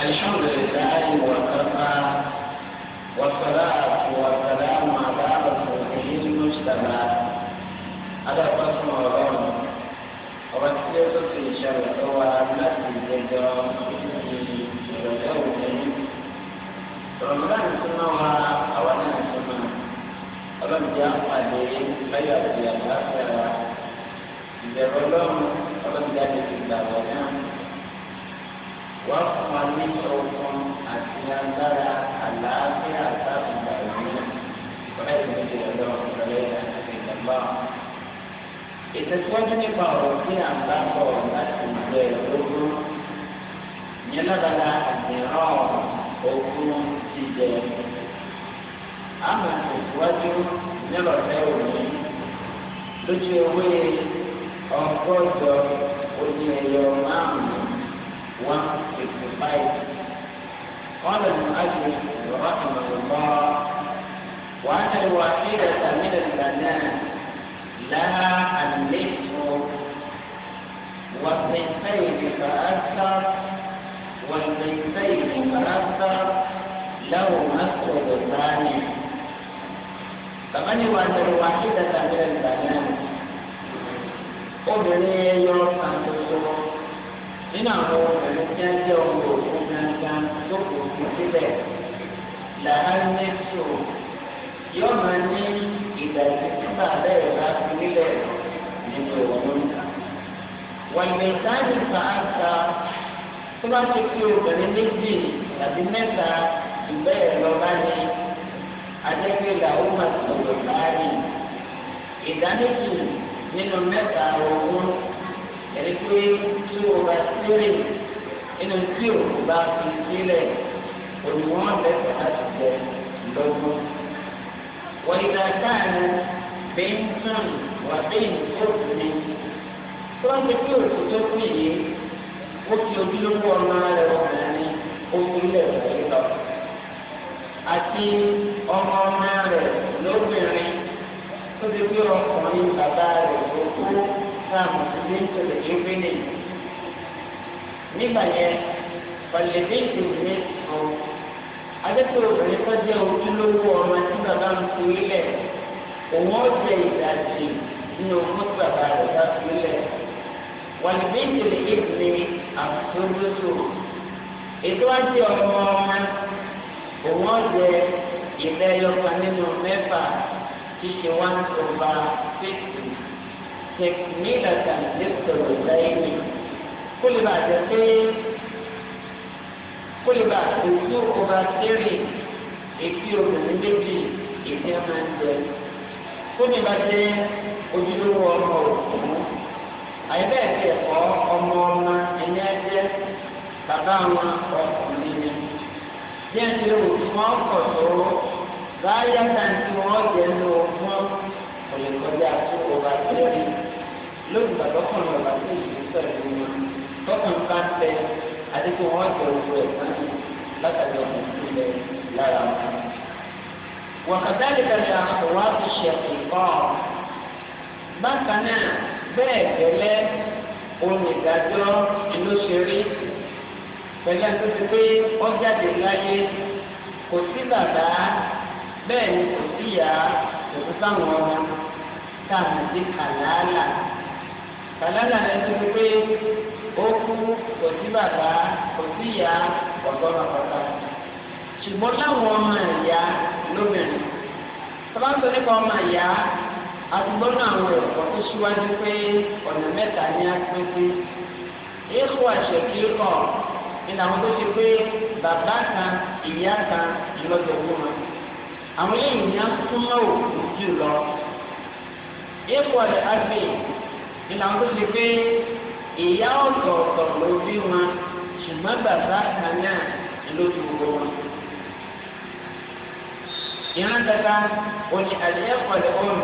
الحمد لله وكفى والصلاة والسلام على رسوله المجتبى هذا قسم رمضان وبسيط في شرط ومسجد الجواب في رجوله رمضان سنة وأولا سنة ọlọ́run jẹ́ àpàdé lọ́yọ̀ àti àgbàfẹ́ wa ìbẹ̀rù ọlọ́run ọlọ́run wá fún wa ní ọkàn àti agbára àlàáfíà sábà ìlú ọ̀rẹ́ ìlú ti ọ̀dọ́ ọ̀rẹ́ ìjọba. ìtẹ̀síwájú nípa ọ̀rọ̀ tí à ń bá bọ̀ láti ìgbẹ́ lógún yẹn lọ́dọ̀dà àdìrán ogún ti jẹ. àmọ̀ ìtẹ̀síwájú nílọ̀fẹ́ òní lójú ewé ọgọ́jọ ojú ẹ̀yọ márùn-ún. 165 قال المؤلف رحمه الله وأن الواحدة من البنات لها النصف والضيفين فأكثر والضيفين فأكثر له مسجد ثاني فمن وأن الواحدة من البنات obìnrin yọ kan tuntun nínú àwọn obìnrin tí wọ́n jẹ́ ọmọ òfin gangan tó kò fi sílẹ̀ làá ní sọ yóò máa ní ìdàgbé tí bàbá ẹ̀ bá fi nílẹ̀ nínú òun. wọ̀nyí sáyẹn fàáta tó bá ti fi obìnrin méjì tàbí mẹ́ta ìgbẹ́ ẹ̀ lọ bá ní adẹ́gbẹ́ làwọn máa sọ̀rọ̀ láàrin ìdá nínú mẹ́ta owó kéré inú tí o bá fi sílẹ̀ olùwọ́ lẹ́sẹ̀ láti jẹ lọ́gbọ́n. wọ́n ìgbà táàmù bẹ́ńtàn wà bẹ́ẹ̀ ní kóòtù ni tó ń pè kí òkú tó kú yìí ó fi ojúlówó ọmọ rẹ̀ ọkùnrin ó fi lẹ̀ wọ́n lọ. àti ọmọ ọmọ rẹ̀ lóbìnrin tó ti gbé ọkùnrin bàbá rẹ̀ tó kú sáà mùsùlùmí tó lè ṣe fínìyàn nígbà yẹn pàlẹ́dé ìdùnnú ọ̀ adẹ́pẹ́ obìnrin tó jẹ́ ojúlówó ọmọ tí bàbá ń torí lẹ̀ òun ọ̀jẹ̀ ìdajì nínú ogún tí bàbá rẹ̀ bá torí lẹ̀ wàlẹ́dé ìdùnnú àtúndóso ètò àti ọmọ ọmọ òun ọ̀jẹ̀ ìdẹ́yọkan nínú mẹ́fà ṣíṣe one over six tẹ̀kínílà tàbí tẹ̀kínílà yìí kó lè bàa jẹ pé kó lè bàa èyí òkú bá tẹ́rì èyí obìnrin méjì èyí ọmọ ń jẹ kó lè bàa jẹ ojúlówó ọmọ òkú àyẹ̀bẹ̀ ẹ̀sẹ̀ ẹ̀kọ́ ọmọ ọmọ ẹ̀yẹ ẹ̀jẹ̀ bàbá wọn ọkùnrin ni bí ẹ̀ ti rò tí wọ́n kọ̀ tó báyà náà tí wọ́n ní ogún òyìnbó bí ọba tẹ́lẹ̀ lórí bàbá kan lọ́ba tó sọ̀rọ̀ ní wọn tọ́kàn bá ń tẹ adékò wọn jẹ owó ẹ̀ náà látàrí ọmọ ìpínlẹ̀ lára wọn. wàkàtàlì kàtà wà á fi ṣẹ̀kù kọ́ ọ. bákan náà bẹ́ẹ̀ gẹ́lẹ́ olùdájọ́ ló ṣe rí pẹ̀lú àtúntò pé wọ́n jáde láyé kò sí bàbá bẹ́ẹ̀ ni kò sí ìyá òkú sáwọn ọmọ táà mọ̀ sí kàlálà kàlálà lẹ́nu tó pé ó kú kò sí bàbá kò sí ìyá ọ̀gbọ́n àpáta ṣùgbọ́n láwọn ọmọ ìyá lóbìnrin sábàtò nípa ọmọ ìyá àdúgbò náà wọ ẹ̀kọ́ tó síwájú pé ọ̀nà mẹ́ta ní apẹ́pẹ́ èkó àṣẹkí ọ̀ nínú àwọn tó ṣe pé bàbá kan ìyá kan ìlọ́jọ̀ owó wọn àwọn eléyìí ní asúnmọ́ òkú jù lọ èkó àṣẹkí nínú àwọn tó ṣe pé ìyá ọ̀tọ̀ọ̀tọ̀ ló bí wọn ṣùgbọ́n bàbá kan náà ló ti wọ wọn. ìran kankan òní àlẹ́ ọ̀lẹ́ òrùn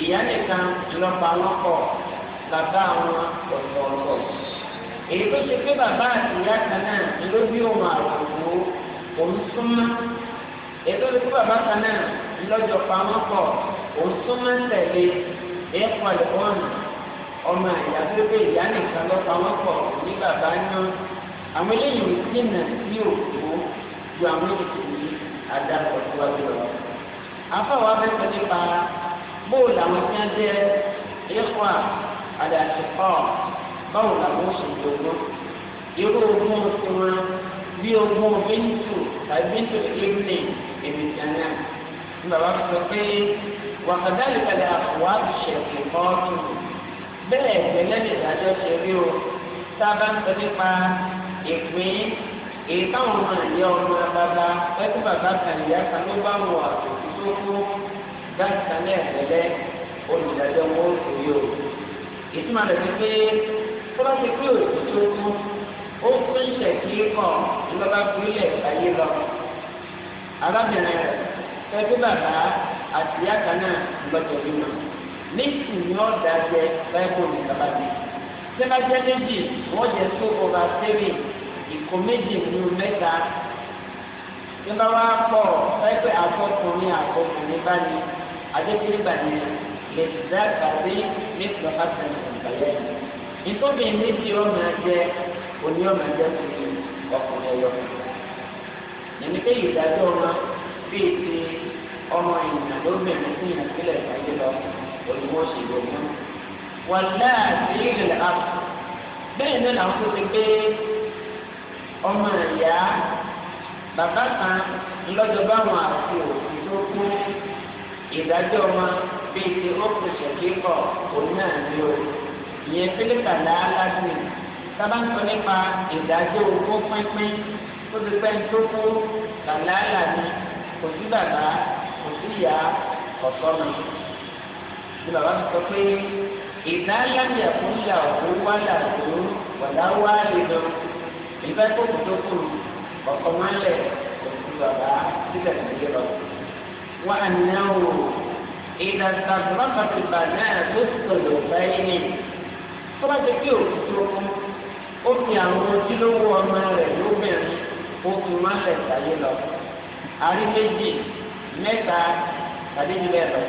ìyá nìkan lọ́pàá wọn bàbá wọn ọ̀tọ̀ọ̀tọ̀. èyí tó ṣe pé bàbá àti ìyá kan náà ló bí òun àwòrán òun súnmọ́ èyí tó ṣe pé bàbá kan náà lọ́jọ́ pa wọn kọ̀ òun súnmọ́ tẹ̀lé ẹ̀kọ́ ọ̀lẹ́ òrùn ọmọ ìyá tó pé ìyá nìkan lọ́ta wọn pọ̀ ní bàbá yán àwọn eléyìí dènà sí òkú ju àwọn ètùtù adarọ̀ síwájú lọ. afáwọn abẹ́sọ̀ nípa bóòlù àwọn tí wọ́n jẹ́ ẹ̀kọ́ àdàtìkọ́ báwo làwọn oṣù tó gbọ́. irú ogún oṣù wọn bí ogún bíntù tàbí bíntù ìrìnnì èmi jàǹdà. bàbá sọ pé wàkàdá ìkàlẹ̀ àwọn àbùṣẹ̀ kò kọ́ bẹ́ẹ̀ gẹ́lẹ́ lè dájọ́ ṣe rí o tá a bá ń sọ nípa ìpín èyí táwọn ọmọ ìyá ọmọ bàbá pẹ́ẹ́tù bàbá kan ìyá kan ló bá wọ àtòkù tó kú gáàsì ní ẹ̀gẹ́lẹ́ olùdájọ́ wọn ò rí o ìtumọ̀ rẹ̀ ti pé tó bá ti pé òtún tó kú ó fún ìṣẹ̀kí kan ló bá fi ayé lọ arábìnrin rẹ̀ pẹ́ẹ́tù bàbá àti ìyá kan náà lọ́jọ́ bímọ méjì ni wọ́n dà jẹ báyìí ní kábàdé sẹ́bàjẹ́ méjì wọ́n jẹ tó ọba tẹ́lẹ̀ ìkó méjì ní mẹ́ta nígbà wá pọ̀ pẹ́pẹ́ àkọkùnrin àkọkùnrin bá ní adékúrú bàdé lè dá gbàdé ní ìjọba tẹ̀lé ìgbàlẹ̀ nítorí méjì ọmọ ẹ̀jẹ̀ òní ọmọ ẹ̀jẹ̀ tuntun ọkùnrin ẹ̀yọkùnrin ẹni pé ìdájọ́ ọmọ bíi ti ọmọ ìyìnà lóbìnrin sí ìyìnà sílẹ̀ ìdájọ́ lọ olùwọ́sì lòun wọn náà sí ìrìnlẹ̀ àpò bẹ́ẹ̀ náà làwọn tó ti gbé ọmọ ìyá bàbá kan lọ́jọ́ báwọn àti òfin tó kú ìdájọ́ ọmọ bíi ti ókú ṣèkíkọ̀ òun náà ní o ìyẹn pílíkà làálàá sí i sábà ń sọ nípa ìdájọ́ owó pínpín tó ti pẹ́ tó kú làálàá ni kò sí bàbá kò sí ìyá ọ̀sọ́ mi ni bàbá mi sọ pé ìdáyàmìà fún ìyàwó wà dàdó wàdá wà lédò ìfẹ́ kó kò tó kù ọkọ máa lẹ̀ òkú bàbá sílẹ̀ nílé lọ. wà á ní àwò ìdàgbàsọ̀rọ̀ pàtìpà náà tó sọ̀rọ̀ báyìí ni tó bá jẹ́ kí òkú tó kú ó fi àwọn ojúlówó ọmọ rẹ̀ lóbìnrin ó máa lẹ̀ sáyé lọ. àrí méjì mẹ́ta tàbí jù bẹ́ẹ̀ lọ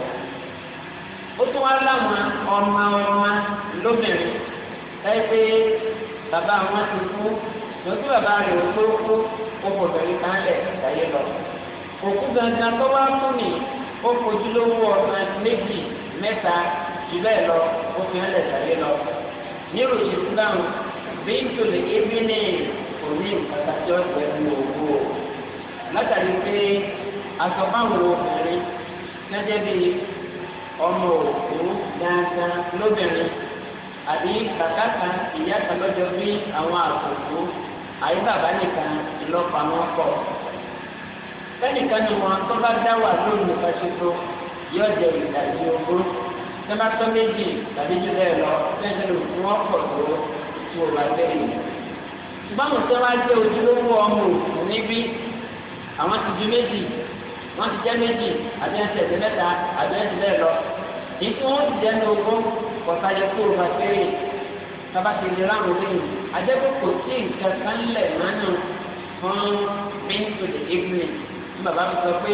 ó tún wá láwọn ọmọ ọmọ lóbìnrin ẹ pé bàbá wọn ti kú lọ́sí bàbá rẹ̀ ó tó kú ó kò bẹ̀rẹ̀ kánlẹ̀ láyé lọ. òkú gangan tó wá fún mi ó fojú lówó ọ̀sán méjì mẹ́ta jù bẹ́ẹ̀ lọ ó fi hàn lẹ̀ láyé lọ. nírò ìsìlámù bíńtò lè ébí ní òní pàtàkì ọ̀sẹ̀ ní òkú o. látàrí pé àsọ̀báwò obìnrin gẹ́gẹ́ bíi ọmọ òkú dáadáa lóbìnrin àbí kàkà kan ìyá kan lọ́jọ́ bí àwọn àkókò àyè bàbá nìkan ìlọ́pàá wọn pọ̀. fẹ́nìkan ni wọn tó bá dá wà lónìí kan ṣoṣo yóò jẹ ìdajì ogún tẹ́mátọ́ méjì tàbí jù bẹ́ẹ̀ lọ fẹ́ẹ́ lò fún ọ̀pọ̀ tó tí o bá bẹ́ẹ̀ yìí. ṣùgbọ́n àwọn tó wá jẹ́ ojúlówó ọmọ òkú níbí àwọn ti ju méjì wọ́n ti jẹ́ méjì àbí ẹsẹ̀ ẹsẹ̀ mẹ́ta àbí ẹsẹ̀ bẹ́ẹ̀ lọ èyí tí wọ́n ti jẹ́ ní ogún kọ̀ọ̀tà yẹ kó o bá kéré bàbá ti lè ráhùn lẹ́yìn àjẹ́kọ̀ kò sí nǹkan kan lẹ̀ mánú fún bíńtò lè égbìn ní bàbá mi sọ pé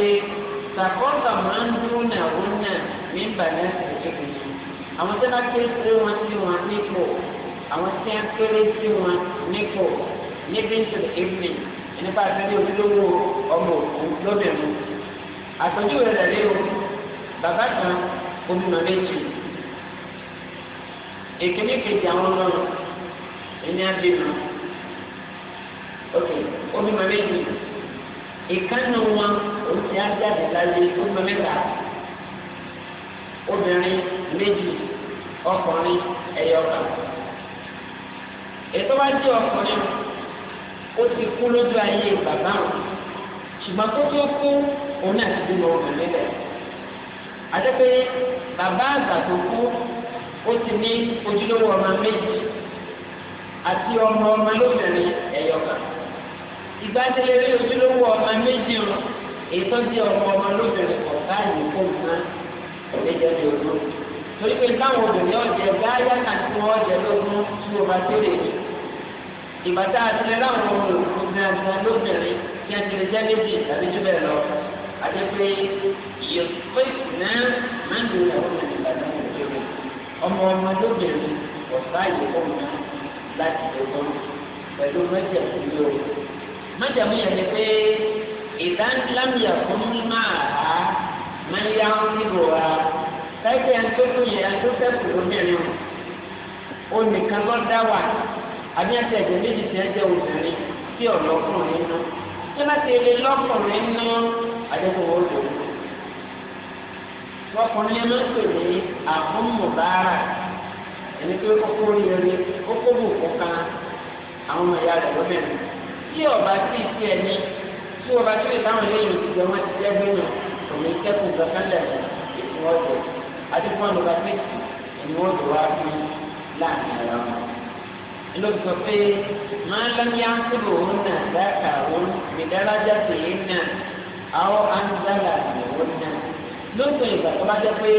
sàkóńtà máa ń dúró náà òun náà ní ìbàdàn ẹsẹ̀ égbìn àwọn tí wọ́n kéré sí wọn sí wọn nípò àwọn tí wọ́n kéré sí wọn nípò ní bíńtò lè égbìn ẹni bá a ti rí ojúlówó ọmọ òkú lóbìnrin àpèjúwe rẹ̀ lé o bàbá kan olùmọ̀ méjì èkíní kejì àwọn ọmọ ẹni abẹ́nu ok olùmọ̀ méjì ìkànnì wọn òsì ajáde láyé olùmọ̀ mẹ́ta obìnrin méjì ọkùnrin ẹ̀yọ̀kan ètò wájú ọkùnrin ó ti kú lójú ayé bàbá wọn ṣùgbọ́n tó tó kú òun náà ti dúró ọmọ nílẹ̀ àdẹ́pẹ́ bàbá àgbà tó kú ó ti ní ojúlówó ọmọ méjì àti ọmọ ọmọ lóbìnrin ẹ̀yọ̀kan ìgbàdélé rí ojúlówó ọmọ méjì o èyí tó di ọmọ ọmọ lóbìnrin ọ̀gá yìí kó nǹkan ẹ̀mẹ́jọ ní ojú torí pé táwọn obìnrin ọ̀jẹ̀ gáyà náà tí wọ́n ọ̀jẹ̀ lógún tí o bá tẹ̀lé ìgbà tá a láwọn ọmọ òkú nǹkan lóbìnrin tí a ti lè jẹ́ níbi tàbí tó bẹ́ẹ̀ lọ àti pé iye pèsè náà máa ń lo ìyàwó rẹ̀ nígbàdàn òkèèrè ọmọ ọmọ lóbìnrin ọ̀sá ìyẹ̀wò mi láti lọ́wọ́ pẹ̀lú mẹ́jẹ̀mú yìí o mẹ́jẹ̀mú yẹn ni pé ìdánilámìyà fún máa ha máa yá ń nílò wa láìpẹ́ àtúntò yẹn àtúntò kùrọ̀mẹ́rin o nìkan lọ́ wà àbí àtẹ̀jẹ̀ méjì tẹ́ jẹ́ obìnrin tí ọ̀lọ́kùnrin nù tí wọ́n ti lè lọ́kùnrin nù àdéhùn òdo. lọ́kùnrin ló ń pè ní àbúmùbára ẹni pé kókó rere kókó bùkú kan àwọn ọmọ ìyá rẹ̀ lọ́bẹ̀rẹ̀. tí ọba tí ì sí ẹni tí ọba tí ì báwọn eléyìí ti jẹ wọn ti jẹ gbẹ̀yìn òní kẹ́kùn kankan lẹ̀rẹ̀ ètò ọ̀dọ̀ àdéhùn ọba tí ì ẹni wọ́n lò wá fún láàrin ara wọn. ẹlòmíràn ما لم يعقلهن ذاكرهن بدرجتهن أو أنزل منهن lópin ìgbà tó bá jẹ́ pé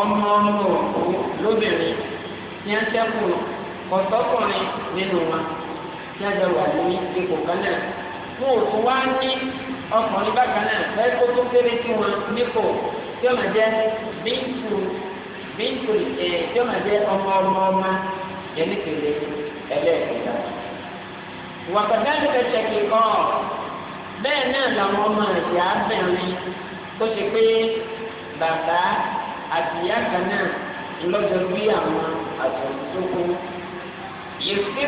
ọmọ ọmọ òkú lóbìnrin tí a ṣẹ́kù ọ̀tọ́kùnrin nínú wọn tí a jẹ wà ní ipò kan náà wọn ò tún wá ní ọkùnrin bákan náà fẹ́ẹ́ kó tó kéré sí wọn nípò tí ó máa jẹ́ bíntù bíntù ẹ̀ tí ó máa jẹ́ ọmọ ọmọ ọmọ yẹn nípele ẹlẹ́ẹ̀kẹta wàkàtàkì kẹsẹ̀ kíkọ́ bẹ́ẹ̀ náà làwọn ọmọ ẹ̀sìn abẹ́rin tó ṣe pé bàbá àti ìyá kan náà lọ́jọ́ bí àwọn àtúntòkú yìí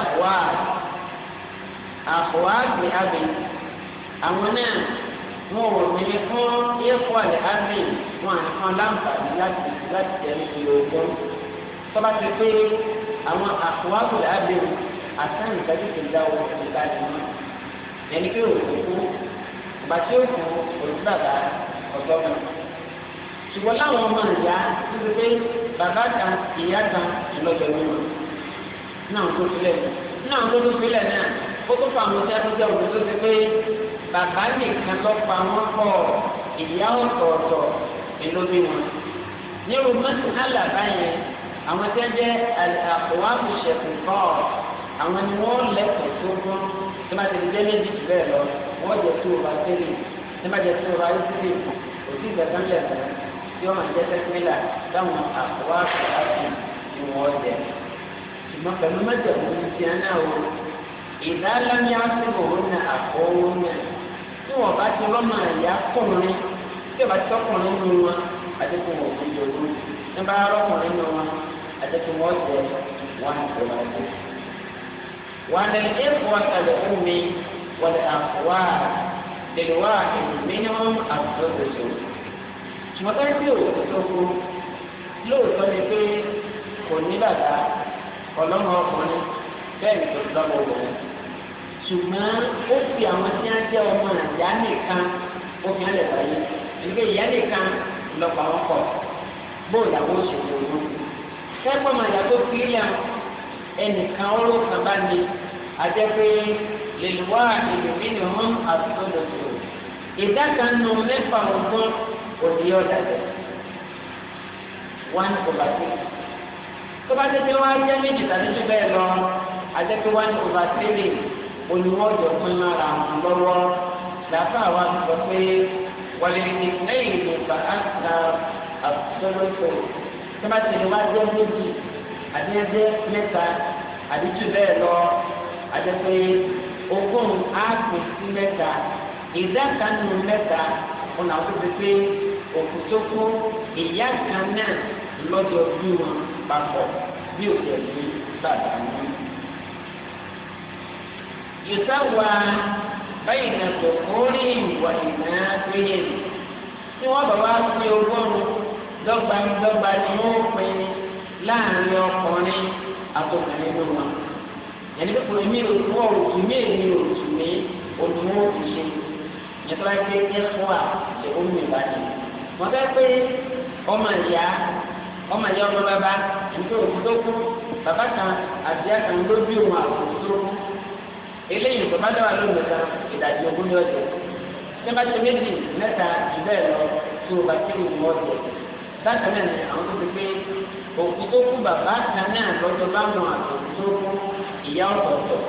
àwa àwa àgbẹ̀ abẹ́ àwọn náà wọn ò ní fún ẹ̀kọ́ àlẹ́ abẹ́ wọn àìkan láǹfààní láti láti tẹ̀lé ìlú ọgbọ́n tọ́ba ti pé àwọn àwa àgbẹ̀ abẹ́ wọn àtàn ìtọ́jú tó dá owó tó dá lé ní. ẹni pé òkú kú ìgbà tí ó kú òkú bàbá ọ̀dọ́ mi. ṣùgbọ́n láwọn ọmọ ìyá níbi pé bàbá kan ìyá kan ìlọ́jọ́ mi lò náà tó sílẹ̀ náà tó sílẹ̀ náà ó tó fa àwọn iṣẹ́ tó jẹ́ òkú tó ti pé bàbá nìkan lọ́ pa wọ́n pọ̀ ìyá ọ̀tọ̀ọ̀tọ̀ ìlóbi wọn. ní ìrù mọ́tò náà làbá yẹn àwọn tẹ́jẹ́ àkọ́wá kò ṣẹ̀kù kọ́ ọ̀ àwọn ni wọ́n lẹ́kọ̀ọ́ tó gbọ́n tí máa tẹ̀lé jẹ́ méjì jù bẹ́ẹ̀ lọ wọ́n jẹ́ tó ọba tẹ́lẹ̀ tí máa jẹ́ tó ọba tẹ́lẹ̀ kò sí ìgbà kan lẹ̀kọ́ tí wọ́n máa jẹ́ tẹ́kínílà táwọn àkọ́wá àkọ́wá sí ni wọ́n jẹ́ ṣùgbọ́n pẹ̀lú mẹ́jọ̀mú ní ti ẹ̀ náà o ìdálámíà tí òun náà àkọ́wọ́ náà tí wọ́n bá ti lọ́mọ àyà kọ́rin tí wọ́n bá ti tọ́kùnrin nínú wọn àdékùn òkú yòówù tí wọ́n bá rọ́kùnrin nínú wọn àdékùn wọ́n jẹ wọn àgbẹ̀wò àgbẹ̀wò. وأن الإخوة الأم والأخوات للواحد منهم السدس ṣùgbọ́n tí o tó kú lóòótọ́ ni pé kò ní bàtà ọlọ́mọ ọkùnrin bẹ́ẹ̀ ni kò lọ́mọ obìnrin ṣùgbọ́n ó fi àwọn tí wọ́n jẹ́ ọmọ ìyá nìkan ó fi hàn lẹ́sà yìí ìgbé ìyá nìkan lọ́pàá wọn ẹnìkan olóòtú bá ní àjẹpé lèlúwà ìlúmí ni wọn àtúntò lòdì ìdá kan nù mẹ́fà ọgbọ́n òdì ọ̀dà jẹ one over three tó bá tètè wá jẹ́ méjì tàbí tó bẹ́ẹ̀ lọ àjẹpé one over three olùwọ́jọ fún ara wọn lọ́wọ́ làbá wa sọ pé wàlẹ́ni lẹ́yìn ìlú bàá na àtúntò lòdì tó bá tètè wá jẹ́ méjì àbí ẹgbẹ́ mẹ́ta àbí jù bẹ́ẹ̀ lọ àdẹ́pẹ́ ogún áàpùn sí mẹ́ta ìdá kan nù mẹ́ta wọn làwọn tó ti pé òkú tó kú ìyá kan náà lọ́dọ̀ bí wọn papọ̀ bí òkè ẹ̀mí bàbá wọn. ìsáwà báyìí nà tó kórè ìwà ìná péye tí wọ́n bá wá sí ogún dọ́gba dọ́gba ni wọ́n pín in láàrin ọkùnrin àtọkùnrin ló wà ẹni pé kò mí ò tó ọ̀rọ̀ tù mí èmi ò tù mí òtún ó ti ṣe nítorí pé ẹ fún wa ṣe ó mi wá ní. wọ́n fẹ́ pé ọmọ ìyá ọmọ ìyá ọmọ bàbá nítorí òkú tó kú bàbá kan àti ìyá kan ló bí òun àkókò tó kú eléyìí bàbá dáwà lónìí kan ìdajì ogún ní ọjọ́ nígbà tí méjì mẹ́ta jù bẹ́ẹ̀ lọ tó bàtí òun ọjọ́ bákan náà ni àwọn tó ti pé òkú tó kú bàbá kan náà lọ́jọ́ báwọn àtọ̀kù tó kú ìyá ọ̀tọ̀ọ̀tọ̀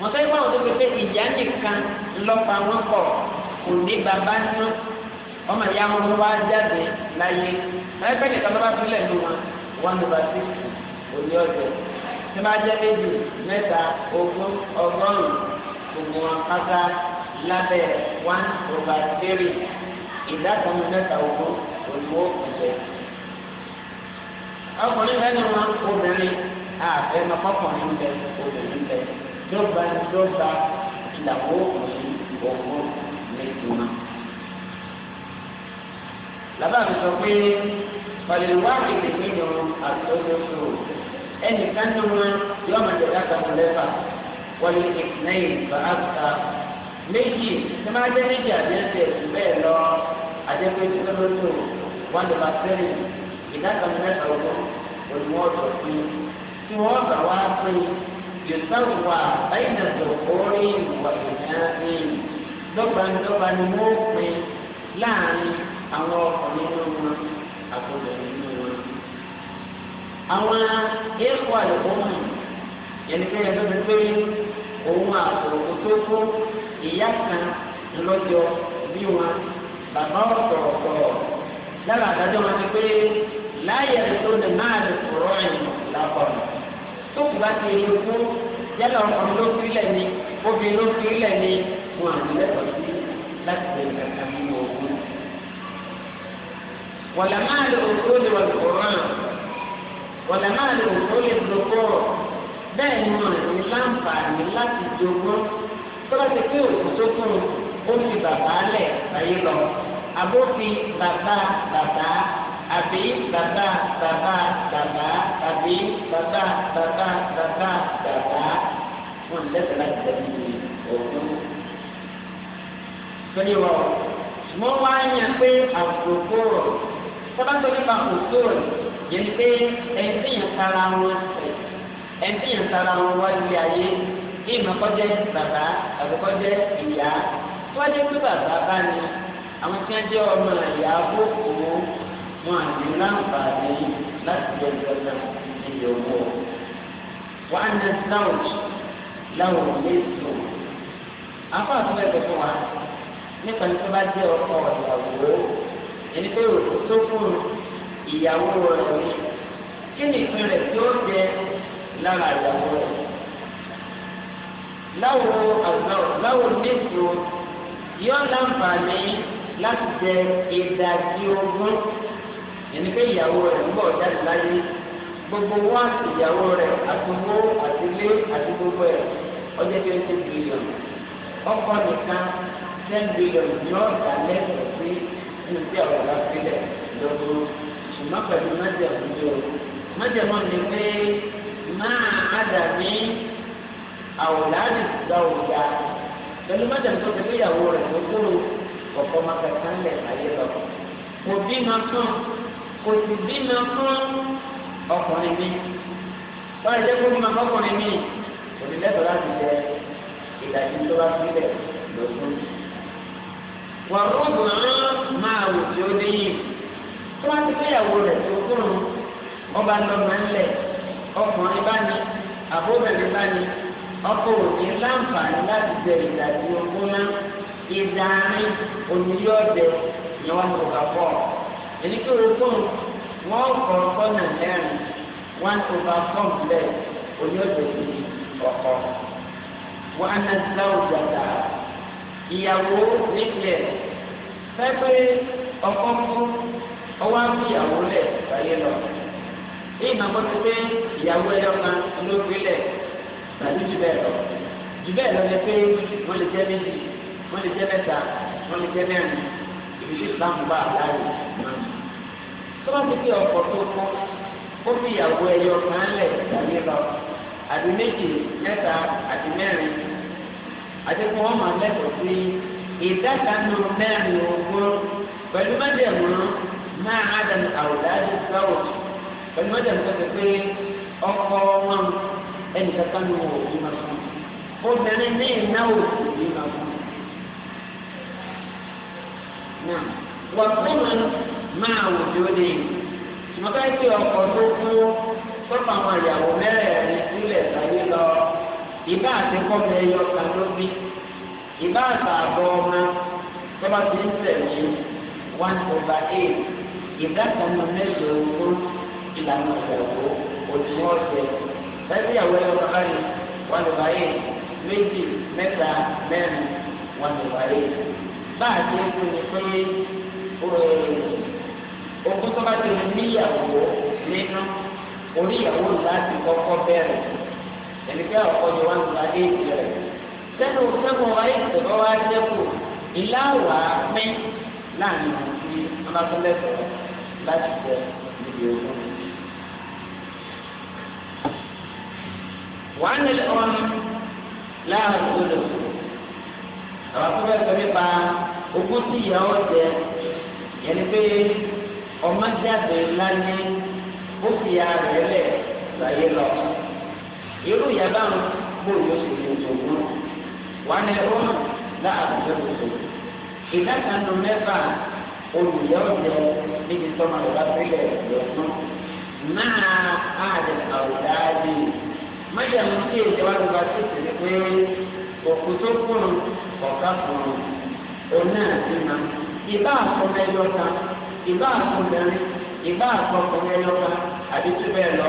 wọ́n fẹ́ báwọn tó fi pé ìyá nìkan lọ́pa wọn pọ̀ kò ní bàbá náà ọmọ ìyá wọn ló wá jáde láyé ẹgbẹ́ nìkan ló bá fílẹ̀ ní wọn wọn ló bá sí òní ọ̀dọ̀ tí wọ́n bá jẹ́ méjì mẹ́ta ogún ọgọ́rùn-ún gbogbo wọn pátá lábẹ́ one over three ìdá kan mẹ́ta ogún òní ó ọkùnrin bẹ́ẹ̀ ni wọn obìnrin àfẹ́ ọkùnrin bẹ obìnrin bẹ tí ó gba tí ó gba ìdàgbò òsì òkú méjì wọn. Bàbá mi sọ pé pàlẹ́wà kìkì nínú àtọ́jọ́sọ ẹnì kan ní wọn yọ ọmọ ìjọba kan lẹ́fà wọlé ìkìnnẹ́yìn bá a ta méjì tí wọ́n á jẹ́ méjì àti ẹ̀sẹ̀ bẹ́ẹ̀ lọ àjẹpẹ́ tí wọ́n lọ́tò wọ́n lè bá fẹ́rẹ̀ ìdáka mẹ́ta ọgbọ́n olùwọ́dọ̀ sí tí wọ́n bá wá pé yòtáwù wà báyìí lórí ìwà ìdáni dọ́gbandọ́gba ni wọ́n pè láàrin àwọn ọkùnrin nínú wọn àkọlẹ̀ nínú wọn. àwọn ẹ̀kọ́ àlùkòmù yẹn fẹ́ yẹn lọ́dún pé òun àkókò tó kó ìyá kan lọ́jọ́ bí wọn bàbá ọ̀tọ̀ọ̀tọ̀ lára àdájọ́ wọn ti pé láàyè tó lè máa lè kúrò ẹ̀yìn lápọ̀ tó kù bá ti lè kú yálà ọkùnrin ló fi lẹ̀ ni obìnrin ló fi lẹ̀ ni wọn àti lẹ́kọ̀ọ́ sí láti lè kàkà nínú ogun. wọ̀lẹ̀ máa lè òkú lè wọ̀ kúrò ẹ̀yìn wọ̀lẹ̀ máa lè òkú lè dòkó bẹ́ẹ̀ ni wọn àti láǹfààní láti jogún tó bá ti pé òkú tó kù ó fi bàbá lẹ̀ ayé lọ àbó fi bàbá bàbá àbí bàbá bàbá bàbá àbí bàbá bàbá bàbá bàbá wọn lẹ́sẹ̀ láti tẹ̀lé òkun. sọ́ni wọ́n mo wá yàn pé àkókò rọ̀ sábà tó nípa àkókò rẹ̀ yẹn pé ẹni yẹn sára wọn ẹni yẹn sára wọn wá sí ayé kí ìmọ̀kọ́jẹ́ bàbá àbíkọ́jẹ́ ìyá tó wá jẹ́ pé bàbá bá ní àwọn tí wọ́n jẹ́ ọmọ ìyá àbókù wọn à ní láǹfààní láti lọ ìjọba ìdílé owó wọn á ní sáwùjì láwọn ilé ìtò afọ àtúntò ẹgbẹ́ fún wa nípa ní tó bá jẹ ọkọ ìyàwó ẹni pé òkú tó fún ìyàwó rẹ ní kí ni ìpín rẹ tí ó jẹ lára ìyàwó rẹ láwo àwùjọ láwo ilé ìtò yọ láǹfààní láti jẹ ìdajì ogún ẹni pé ìyàwó rẹ̀ ń bọ̀ jáde láyé gbogbo owó àti ìyàwó rẹ̀ àtúwó àtìlé àti gbogbo ẹ̀ ọjọ́ bí ó ti bílíọ̀nù ọkọ nìkan ten billion yóò dá lẹ́sẹ̀ sí inú tí àwọn ọ̀la sílẹ̀ lọ́dún ṣùgbọ́n pẹ̀lú májèmú ni o májèmú ni pé máa àdàmí àwòrán ìgbà òjà pẹ̀lú májèmú tó ti gbéyàwó rẹ̀ lókòrò ọ̀pọ̀ máa kẹta ń lẹ̀ ayé lọ. òbí máa tán kò sì bímọ fún ọkùnrin mi wọ́n lè jẹ́ kó bímọ fún ọkùnrin mi kò ní lẹ́tọ̀ọ́ láti jẹ ìdajì tó bá sílẹ̀ lọ́sùn. wọ́n rúbùn án máa wò tí ó dé yìí tó wá ti fẹ́yàwó rẹ̀ tó kúrò ọba lọ́mọ ńlẹ̀ ọkùnrin bá ní àbóbẹ̀rẹ̀ bá ní ọkọ òní láǹfààní láti jẹ ìdajì ogún náà ìdáàrin oníyọ̀ọ́dẹ ni wọ́n tó kà fọ́ọ̀ èyí tó ogún wọn kọ ọgọ́nà mẹ́rin one over four bẹ́ẹ̀ oníyọ̀dẹ̀bí ọkọ. wọn á ná sílá òjàdá ìyàwó nípìnlẹ̀ pẹ́pẹ́ ọkọ fún ọwọ́ àbúyàwó lẹ̀ báyé lọ. ní ìmọ̀ tó pé ìyàwó ẹ̀yọ́ kan olóògbé lẹ̀ tàbí jù bẹ́ẹ̀ lọ. jù bẹ́ẹ̀ lọ ni pé wọ́n lè jẹ́ méjì wọ́n lè jẹ́ mẹ́ta wọ́n lè jẹ́ mẹ́rin ìbílẹ̀ ìsìlámù bá a láàyè máa ń tó bá ti fi ọkọ̀ tó kọ́ ó fi ìyàwó ẹyọ kan lẹ̀ tàbí lọ àti méjì mẹ́ta àti mẹ́rin àti kí wọ́n máa lẹ́kọ̀ọ́ sí ìdákanu mẹ́rin ogún pẹ̀lú mẹ́jẹ̀mú máa ádàmù àwòdájú sọ̀rọ̀ pẹ̀lú mẹ́jẹ̀mú tó ti pé ọkọ̀ wọn ẹnìkan kan ní wọ̀ òbí máa fún obìnrin ní ìnáwó òbí máa fún. Wà fún mi máa wò bí ó lè ṣùgbọ́n ká ṣe ọkọ̀ tó kú fọ́pọ̀ àwọn ìyàwó mẹ́rẹ̀ẹ̀rin sílẹ̀ sáyé lọ ìbá àti kọ́mi ẹyọ kan ló bí ìbá àtààbọ̀ ọmọ tó bá ti ń tẹ̀lé one over eight ìdá kan lọ mẹ́lòó fún ìlànà ìyàwó òtún ọ̀sẹ̀ sáyé ìyàwó ẹyọ kan báyìí one over eight méjì mẹ́ta mẹ́rin one over eight bá àti kú ni pé ó rẹ̀ ogún tó bá ti níyàwó nínú oníyàwó láti kọ́kọ́ bẹ̀rẹ̀ ẹni pé àwọn ọjọ́ wa ń gba déètì rẹ̀ sẹ́nu sẹ́nu wáyé ìṣẹ̀bọ̀ wá dẹ́kù ìláwà pín láàrin àti ọlọ́tọ́lẹ́sọ̀rọ̀ láti jẹ níbi ogún. wàá nílẹ̀ ọ̀run láàrin olùkọ́ àwọn akọ́fẹ́ nípa ogún tí ìyàwó jẹ yẹn ni pé ọmọ jáde láyé ó fi ara rẹ̀ láyé lọ. irú ìyàbá ń bò yóò sì lè jòkó wà ní ọmọ láàbùjọ gbogbo. ìdá kan nu mẹ́fà olùyẹ ọ̀jẹ̀ níbi tọ́mọ ìbá sílẹ̀ lọ́sùn. máa àdè àwòdáàdì májàmú tí ìjọba bá ti sì ní pé òkú tó kùn ọ̀ká kùn òun náà ti máa ìbá àfọmọ ìbá àkùnrin ìbá àkọkùnrin lọ́wọ́ àdìsí bẹ́ẹ̀ lọ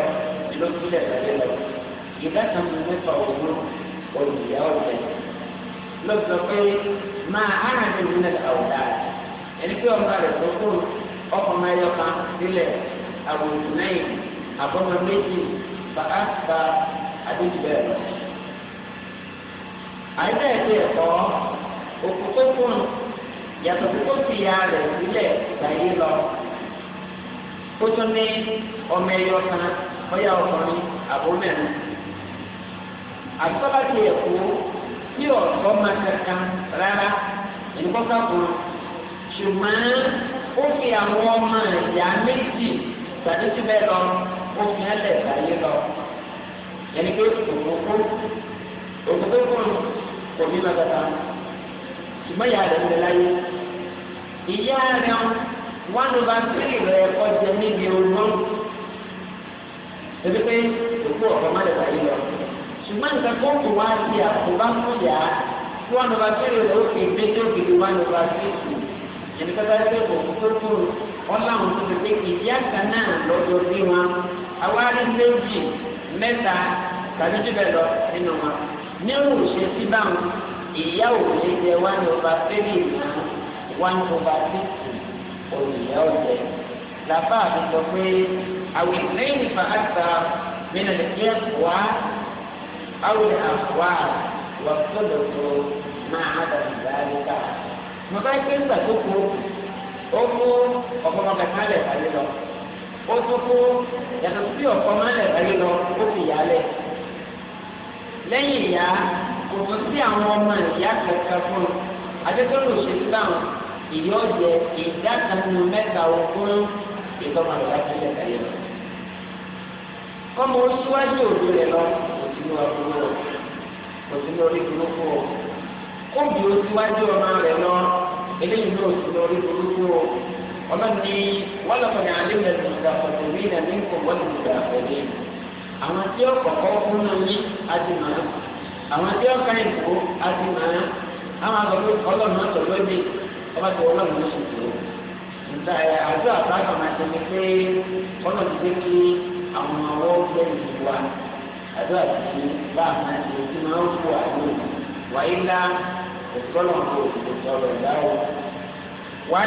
ìlú sílẹ̀ lọ́dẹ lọ. ìdá kan ní mẹ́fà òwúrọ̀ olùyà ọ̀tẹ̀. ló sọ pé máa ara mi nílẹ̀ àwòdà ẹni pé ọba rẹ̀ tó kù ọkọ̀ máa yọ kan sílẹ̀ àwòrán náà àbọ̀mọ méjì bàá bá àdìsí bẹ́ẹ̀ lọ. àyíká ẹ̀kọ́ ẹ̀kọ́ òkú tó kù yàtọ̀ sí tó fi ya rẹ̀ sílẹ̀ láyé lọ ó tún ní ọmọ ẹyọ kan ọyà ọkùnrin àbómẹ́rin àbúkọ́lá ti yẹ kó tí ọ̀tọ́ máa kankan rárá ìdúgbọ́sà kan ṣùgbọ́n ó fi àwọn ọmọ ìyá méjì tàbí síbẹ̀ lọ ó fi ẹlẹ̀ láyé lọ yẹn ni pé òkú òkú tó kún kò ní lọ́gàdá ṣùgbọ́n ìyá rẹ̀ ń bẹ láyé ìyá rẹ̀ wọn ló bá tẹ́lẹ̀ rẹ̀ kọjá níbi ọdún ebi pé òkú ọ̀pọ̀ má lè wáyé lọ ṣùgbọ́n nǹkan tó kù wá sí àkóbá fún yá tí wọn ló bá tẹ́lẹ̀ rẹ̀ ó fi gbé tó gidi wọn ló bá sí ìkù ẹni kọ́tà ṣe kò kú tó kù wọn láwọn tó ti pé ìyá kan náà lọ́jọ́ sí wọn àwárí méjì mẹ́ta tàbí jù bẹ́ẹ̀ lọ nínú wọn ní òun ṣe sí báwọn ìyá òkè jẹ one over three ìlú one over sixty olùyà ọ̀jẹ̀. Làbá mi sọ pé àwọn ìlẹ́yìn ìfàhàtà mìíràn ní ẹ̀fọ́á àwọn àfọ́á wà sọ́dọ̀ tó máa dàbí dáríkà. Mo bá gbé ìgbà tó kú ó mú ọ̀pọ̀lọpọ̀ kálẹ̀ wáyé lọ. Ó tún kú yàtọ̀ sí ọ̀pọ̀ mọ́lẹ̀ wáyé lọ ó fi yálẹ̀ lẹ́yìn ìyá kò tún sí àwọn ọmọ ìyá kankan fún un adétọ́lù ṣe sáwọn ìyá ọ̀jẹ̀ ìdá kan nínú mẹ́ta ogún ìtọ́mọ̀ ìyá tó lẹ̀ káyé lọ. kọ́mọ oṣùwájú òdo rẹ̀ lọ kò sí ní ọdún rẹ̀ kò sí ní orí burúkú o kóbi oṣùwájú ọmọ rẹ̀ lọ eléyìí náà sí ní orí burúkú o ọmọ mi wọ́n lọ́kọ̀ọ́ ní alẹ́ mẹ́rin ìgbà kọ̀ọ̀tù mí àwọn tí ó kọ̀kọ́ fún náà ní àdìmọ̀ àwọn tí ó káyìn kó àdìmọ̀ àwọn àgbẹ̀ ọlọ́run náà tọ̀lọ́ dé ọba tó ọlọ́run ló ṣètò níta ẹ̀ àjọ àbájọ máa ṣe ni pé ọlọ́run ti dé kí àwọn ọwọ́ gbẹ̀yìn wa àjọ àti bá àwọn àti òkú máa ń fò àwọn wàyí lá ìtọ́lọ̀ kò ìtọ́lọ̀ ìdáwó. wà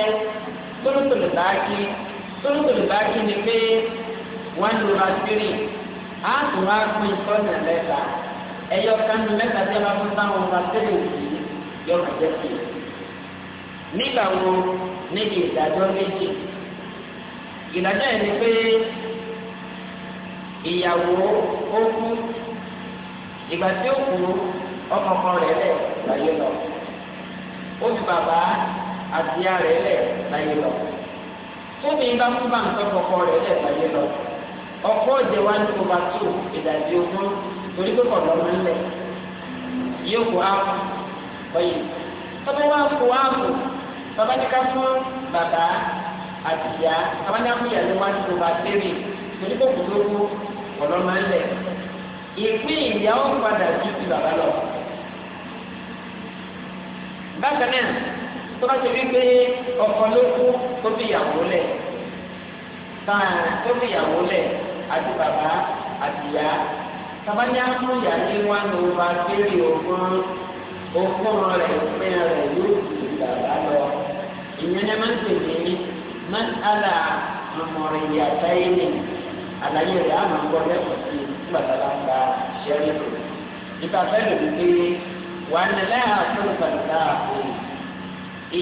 á ní tólótòló báàkì tólótòló báàkì ni pé one over three á tún wá pín sọ́nà mẹ́ta ẹ̀yọ kánú mẹ́ta tí a bá fún báwọn over three òbí yọ máa jẹ́ sí i. nígbà wo níbi ìdájọ́ méjì ìdájọ́ yẹn ni pé ìyàwó ó kú ìgbà tí ó kú ọkọ̀ọ̀kan rẹ̀ lẹ̀ láyé lọ ó fi bàbá àti ara ẹ̀ lẹ̀ láyé lọ. Fúnmi bá mú bá nǹkan kọ̀ọ̀kan rẹ̀ lẹ̀ láyé lọ. Ọ̀pọ̀ ọ̀jẹ̀ wa ní ọba tó ìdajì ogún torí pé kọ̀ lọ́mọ ńlẹ̀. Yóò kó áàpù ọyẹ. Tọ́bí wá kó áàpù bàbá ní ká fún bàbá àti ìyá bàbá ní àpò ìyàlẹ́ wa ní ọba tẹ́rì torí pé kò lówó kọ̀ lọ́mọ ńlẹ̀. Ìpín ìyá ó padà ju ti bàbá lọ. Bákan náà tó bá ti rí pé ọkọ ló kú tó fi ìyàwó lẹ̀ tán tó fi ìyàwó lẹ̀ àti bàbá àti ìyá tabali àmú ìyá ní wọn ló bá béèrè ogún ogún rẹ̀ pín rẹ̀ yóò di bàbá lọ ìyẹn ní máa ń tètè ní máa ń àlà mọ̀mọ́rẹ̀ ìyàtá ẹ̀yìn àlàyé rẹ̀ àmọ́ ń gbọ́ lẹ́kọ̀ọ́ sí nígbà tá bá ń gba ṣẹ́rí rẹ̀ nípa fẹ́ẹ́ lòdì pé wàá nílẹ̀ àtúntò kàlùkà àpò yìí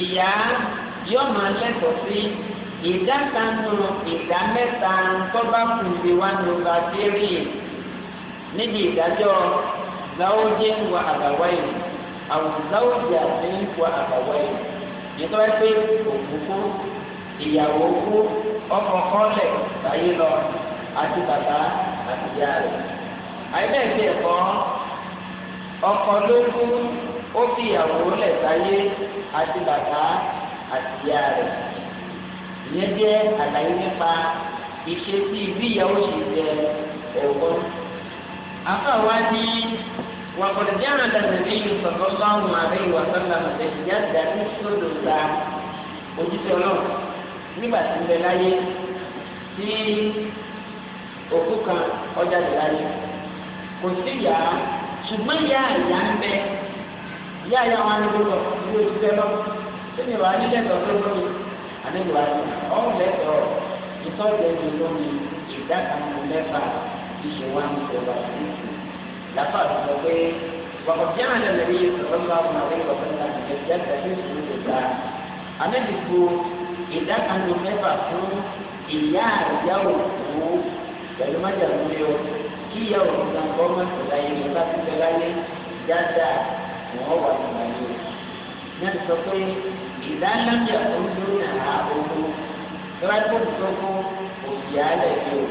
ìyá yóò máa lẹ́tọ̀ọ́ sí ìdá kanú ìdá mẹ́ta tó bá kù lè wá ní ọba déèrè níbi ìdájọ́ láwùjẹ́ ń wọ àbáwáyé àwọn láwùjẹ́ àti ń wọ àbáwáyé nítorí pé òkú kú ìyàwó kú ọkọ kọ́lẹ̀ láyé lọ àti bàbá àti ìyá rẹ̀ àyẹ̀bẹ̀ ìfẹ́ ẹ̀kọ́ ọkọ ló kú ó fi ìyàwó lẹ̀ sáyé àti bàbá àti ìyá rẹ̀ ìyẹn jẹ́ àlàyé nípa ìṣe tí ibi ìyàwó ṣe jẹ ẹ̀wọ́. àfàwa ní wàkọ̀dé àdàlẹ̀ ní ìsọ̀tọ̀ sọ́hún àrẹ ìwà sọ́lá mọ̀tẹ́ ìyá dàbí sódò gba ojúṣe ọlọ́run nígbà tí ń bẹ láyé tí òkú kan ọjà dé láyé kò sí ìyá ṣùgbọ́n ìyá ìyá ń bẹ ìyá ìyá wọn ni gbogbo ìlú òṣìṣẹ́ lọ sínú ìwà nílẹ̀tọ̀ tó lórí àníwá ọ̀hún lẹ́tọ̀ ìtọ́jú ẹni lómi ìdá kan mẹ́fà ìṣe wá ní ìjọba ìlú lápá àtúntò pé wàkọ̀ tí àwọn ẹlẹ́rìí yìí sọ̀rọ̀ ń bá wọn àwọn ìwà pẹ̀lú àti ìjẹ́ tẹ̀lé ìṣòro tó gbà àmẹ́bìgbò ìdá kan mẹ́fà fún ìyá ìyá òkú pẹ̀lú májàmúlẹ̀ o kí ìyá òkú kan kọ́ mọ́tò láyé wọ́n wà nígbà yìí. Náà sọ pé ìdálájà ojú náà ogun lọ́wọ́ tó ń sọ́kún òsì alẹ́ yìí o.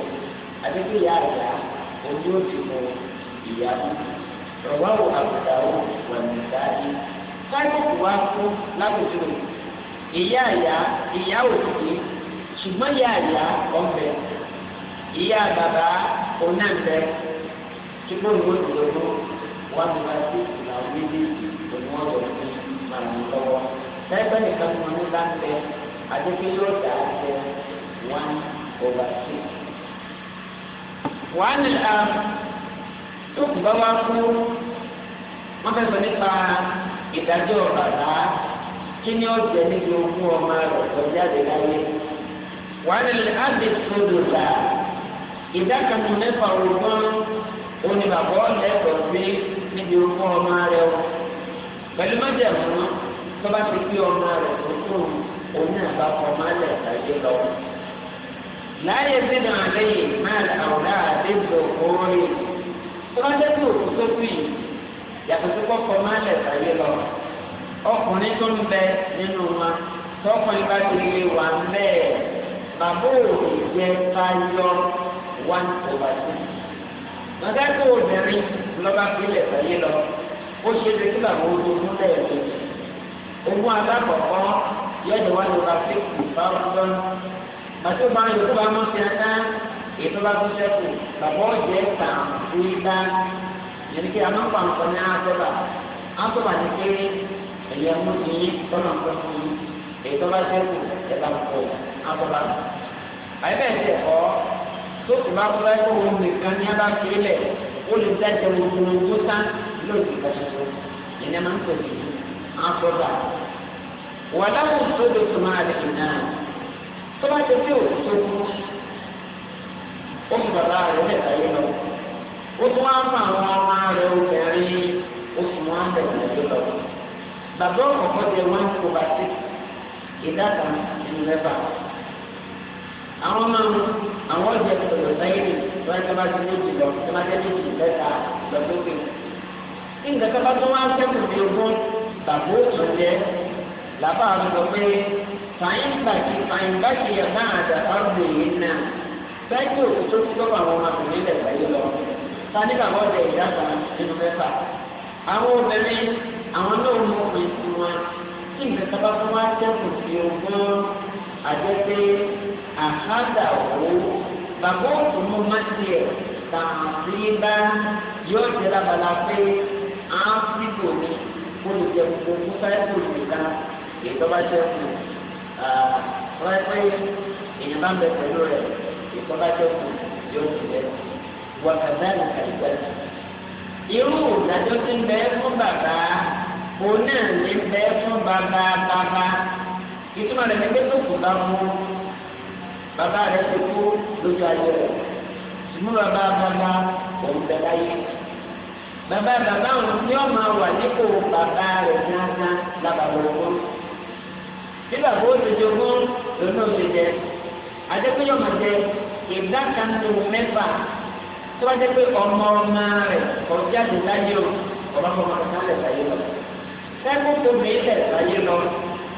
Adébí ìyá àgbà ojú òsì mọ ìyá mú. Rọ̀wáwò àbùdá ò wà nígbà yìí. Sáyẹ̀kì wá fún lábùjú rẹ̀. Ìyá àyà méjì òníwọ̀n tó ní màmí lọ́wọ́ lẹ́gbẹ́ nìkan tó wọn ní láńpẹ́ àdéhùn yóò dà á jẹ one over six. wàá nílá tó kù bá wá kú wọ́n fẹ́ sọ nípa ìdájọ́ bàbá kí ni ó jẹ níbi ogún ọmọ rẹ̀ tó láyé wàá nílá á ti tó lòlá ìdá kan tó mẹ́fà ogún onígbàgbọ́ lẹ́kọ̀ọ́ sí níbi ogún ọmọ rẹ o pẹ̀lú májèmú tó bá ti gbé ọmọ rẹ tó tó òun náà bá kọ máa lẹ̀ ṣàyé lọ. láyé sínú àlẹ́ yìí máa lẹ àwòrán àdébò orí tó bá dẹ́kun òkú tó tù yìí yàtọ̀ tó kọ́kọ́ máa lẹ̀ ṣàyé lọ. ọkùnrin tó ń bẹ nínú wa tọkùnrin bá ti lè wà mẹ́ẹ̀ bàbá òòrùn jẹ́ bá one over six mọ̀dájọ́ obìnrin lọ́ba gbélé ẹ̀fẹ́ lọ ó ṣe lè kíkà wọ́n lóògùn lẹ́yìn ogun alákọ̀ọ́kọ́ yẹ́nì wá lóra fífi fáwọn àti ọba yóò tó bá mọ́ sí ẹ̀ka ètò bá tó ṣẹ́kù bàbá ọ̀jẹ̀ ta ìgbà yẹn kí amápa nǹkan ní asọ́ba asọ́ba ní pé ẹ̀yẹ mú ní tọ́nà nǹkan ètò bá ṣẹ́kù ẹ̀ka pọ̀ asọ́ba àyẹ̀bẹ̀ ẹ̀ṣẹ̀ kọ́ tó sì bá fúra ẹ̀kọ́ wọn nìkan ní abá fi lẹ̀ ó lè dájẹ́ wọn tó tán lóòtù kọ̀ọ̀tù ìyẹn máa ń tòbi àfọ̀dà wà láwùn tó lè tó máa lè nà tó bá ti fi òkúto kú ó fi bàbá rẹ̀ lẹ̀ láyé lọ ó tún wá fún àwọn ọmọ rẹ̀ obìnrin ó fi wọn bẹ̀rẹ̀ lẹ́jọ́ lọ bàbá ọ̀kọ̀ọ̀kọ̀ jẹ́ wọn kó bàtí ìdáta ìlú mẹ́fà àwọn máa ń àwọn ọ̀jẹ̀ ìṣòro sẹ́yìn lọ́wọ́ ẹ̀ka bá ti méjì lọ ẹ̀ka bá ti méjì lẹ́ta lọ́sọ́kè. nígbà tó bá tó wá sẹ́kù ní ogún bàbá òtún jẹ́ làbá àgùntàn pé fàyínbàkì fàyínbàkì ẹ̀ka àdà ọ̀gbìn yìí náà sẹ́kù tó ti gbọ́ àwọn ọmọkùnrin lẹ̀ sẹ́yìn lọ. ta ní bàbá ọ̀jẹ̀ ìyá kan nínú mẹ́fà. àwọn obìnrin àwọn náà mú òpin sí wọn tí nǹkan tó tó wá sẹ́kù ní ogún àjẹpé àhádà òwò bàbá òkú mú mọ́tìyẹ tààbíbá yóò jẹ́ lábala pé áfíríkò ni olùjẹ gbogbo fún fẹ́ẹ́kù ìgbà ìjọba jẹ́kù wọ́n pé èèyàn bá ń bẹ pẹ̀lú rẹ̀ ìjọba jẹ́kù yóò ti bẹ̀ wọ́n kàdá ní kàlígbà. irú ìdájọ́ ti ń bẹ fún bàbá òun náà ní bẹ fún bàbá bàbá ìtumọ̀ rẹ̀ ní pé tó kù bàbá rẹ̀ ti kú lójú ayé rẹ̀ ṣùgbọ́n bàbá bàbá òun bẹ̀ láyé bàbá bàbá òun ni ó máa wà nípò bàbá rẹ̀ dáadáa lábàbọ̀ òun bí bàbá ó ti jogún lónà òun ti jẹ adékúnyọ̀ máa jẹ ìdá kan tó mẹ́fà tó bá jẹ́ pé ọmọ ọmọ rẹ̀ ọ̀jáde láyé o ọmọ ọmọ rẹ̀ náà lẹ̀ láyé lọ sẹ́kù tó mi lẹ̀ láyé lọ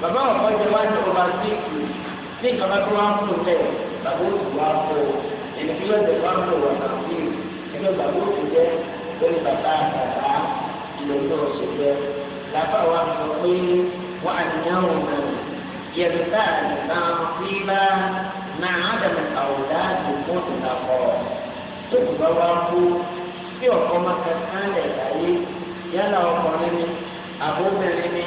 bàbá ọ̀pọ̀ jẹ wá ọba sí ìlú ní ìjọba tó wá ń lò bẹ́ẹ̀ bàbá òtù wá ń lò èmi tí lọ́dẹ̀ wá ń lò wà náà sí ẹgbẹ́ bàbá òtù jẹ́ lórí bàbá bàbá ìlòlò ọ̀sẹ̀ jẹ́ làbá wa ń sọ pé wà á níyàwó náà yẹn tá nǹkan sí bá náà ádàmì àwòdà àdìmọ́ ìlàkọ̀ tó kù bá wá kú tí ọ̀kọ́ máa kankan lẹ̀ láyé yálà ọkùnrin ni àbóbìnrin ni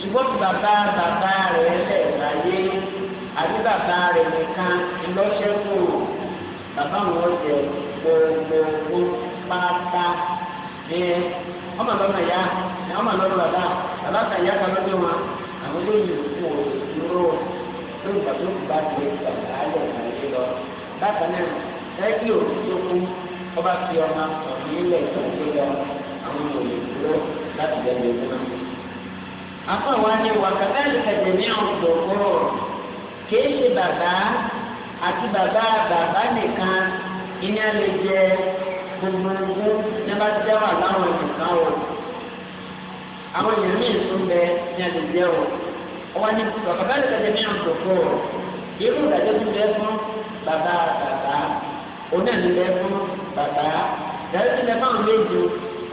ṣùgbọ́n bàbá bàbá rẹ̀ lẹ̀ àbí bàbá rẹ̀ nìkan ìlọ́ṣẹ́kù bàbá wọn jẹ gbogbogbò pátá ní ọmọ lọ́nà ya ní ọmọ lọ́nà bàbá bàbá kan ya kan lọ́dún wọn àwọn olóyè kò dúró lórí bàbá tó bá ti bàbá lọ àyè lọ bákan náà lẹ́yìn òkú tó kú ọba fi ọmọ ọ̀nà ilẹ̀ tó gbé lọ àwọn olóyè dúró láti lẹ́yìn òkú náà. àpò ìwádìí wà kàtà ìkàjẹ́ ní àwọn ọ̀dọ́ kìí ṣe bàbá àti bàbá bàbá nìkan ìní a lè jẹ gbogbo ogún ní a bá ti dáwà láwọn nìkan o àwọn èèyàn míì tún bẹ ní a lè jẹ o ọwọ́ ní bàbá bá lè tẹ̀lé ní àǹtòkò o irú ìdájọ́ ti bẹ fún bàbá bàbá oní ẹ̀mí bẹ fún bàbá ìdájọ́ ti bẹ fún àwọn méjì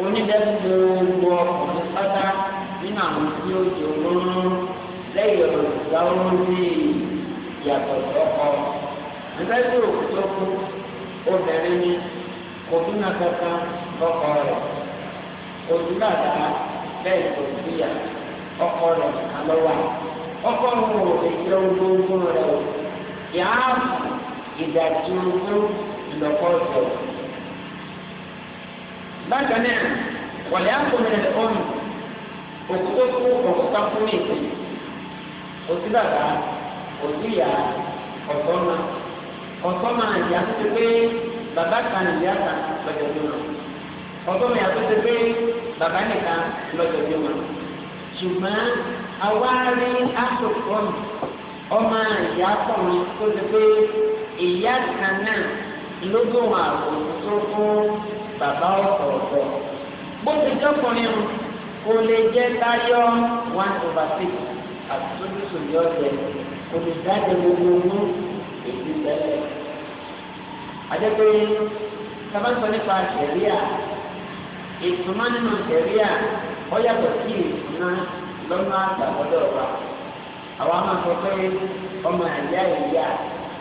onídẹ́gbẹ́ gbogbo ọkùnrin pátá nínú àwọn tí ó jẹ olóró lẹ́yìn ọ̀rọ̀ ìgbà orí yàtọ̀ sọ́kọ. nígbà tí òkú tó kú obìnrin ni kò tún náà kankan lọ́kọ rẹ̀ òtún bàtà bẹ́ẹ̀ kò síyà ọkọ rẹ̀ alọ́wà ọkọ rẹ̀ ò lè jẹ́ ogógún rẹ̀ o yàá ìdajì ogún ìlọ́kọ̀ ọ̀sẹ̀ o. bákan náà wọ̀lẹ́ àkọ́mìnrin ọ̀nù òkú tó kú òkú tó kú nìkan òtún bàtà òbí ìyá ọ̀tọ́mà ọ̀tọ́mà ìyá tó ti pé bàbá kan ìyá kan lọ́jọ́ bí wọn ọ̀tọ́mà ìyá tó ti pé bàbá nìkan lọ́jọ́ bí wọn ṣùgbọ́n awárí asòkòmù ọmọ ìyá kọ̀ọ̀rọ̀ tó ti pé ìyá kan náà lógún ààbò tó fún bàbá ọ̀tọ̀ọ̀tọ̀ bó ti jọ́kùnrin o kò lè jẹ́ táyọ̀ one over six àti tó ti sùn yọ̀ jẹ́ olùdájọ́ gbogbo ní èdè bẹ́ẹ̀. Adébẹ́ sábàtọ̀ nípa sẹ̀ríà ìtumá nínú sẹ̀ríà ó yàtọ̀ sí ìtumá lọ́nà àtàwọ́dọ̀ wa. Àwọn máa sọ pé ọmọ ìyá ìyá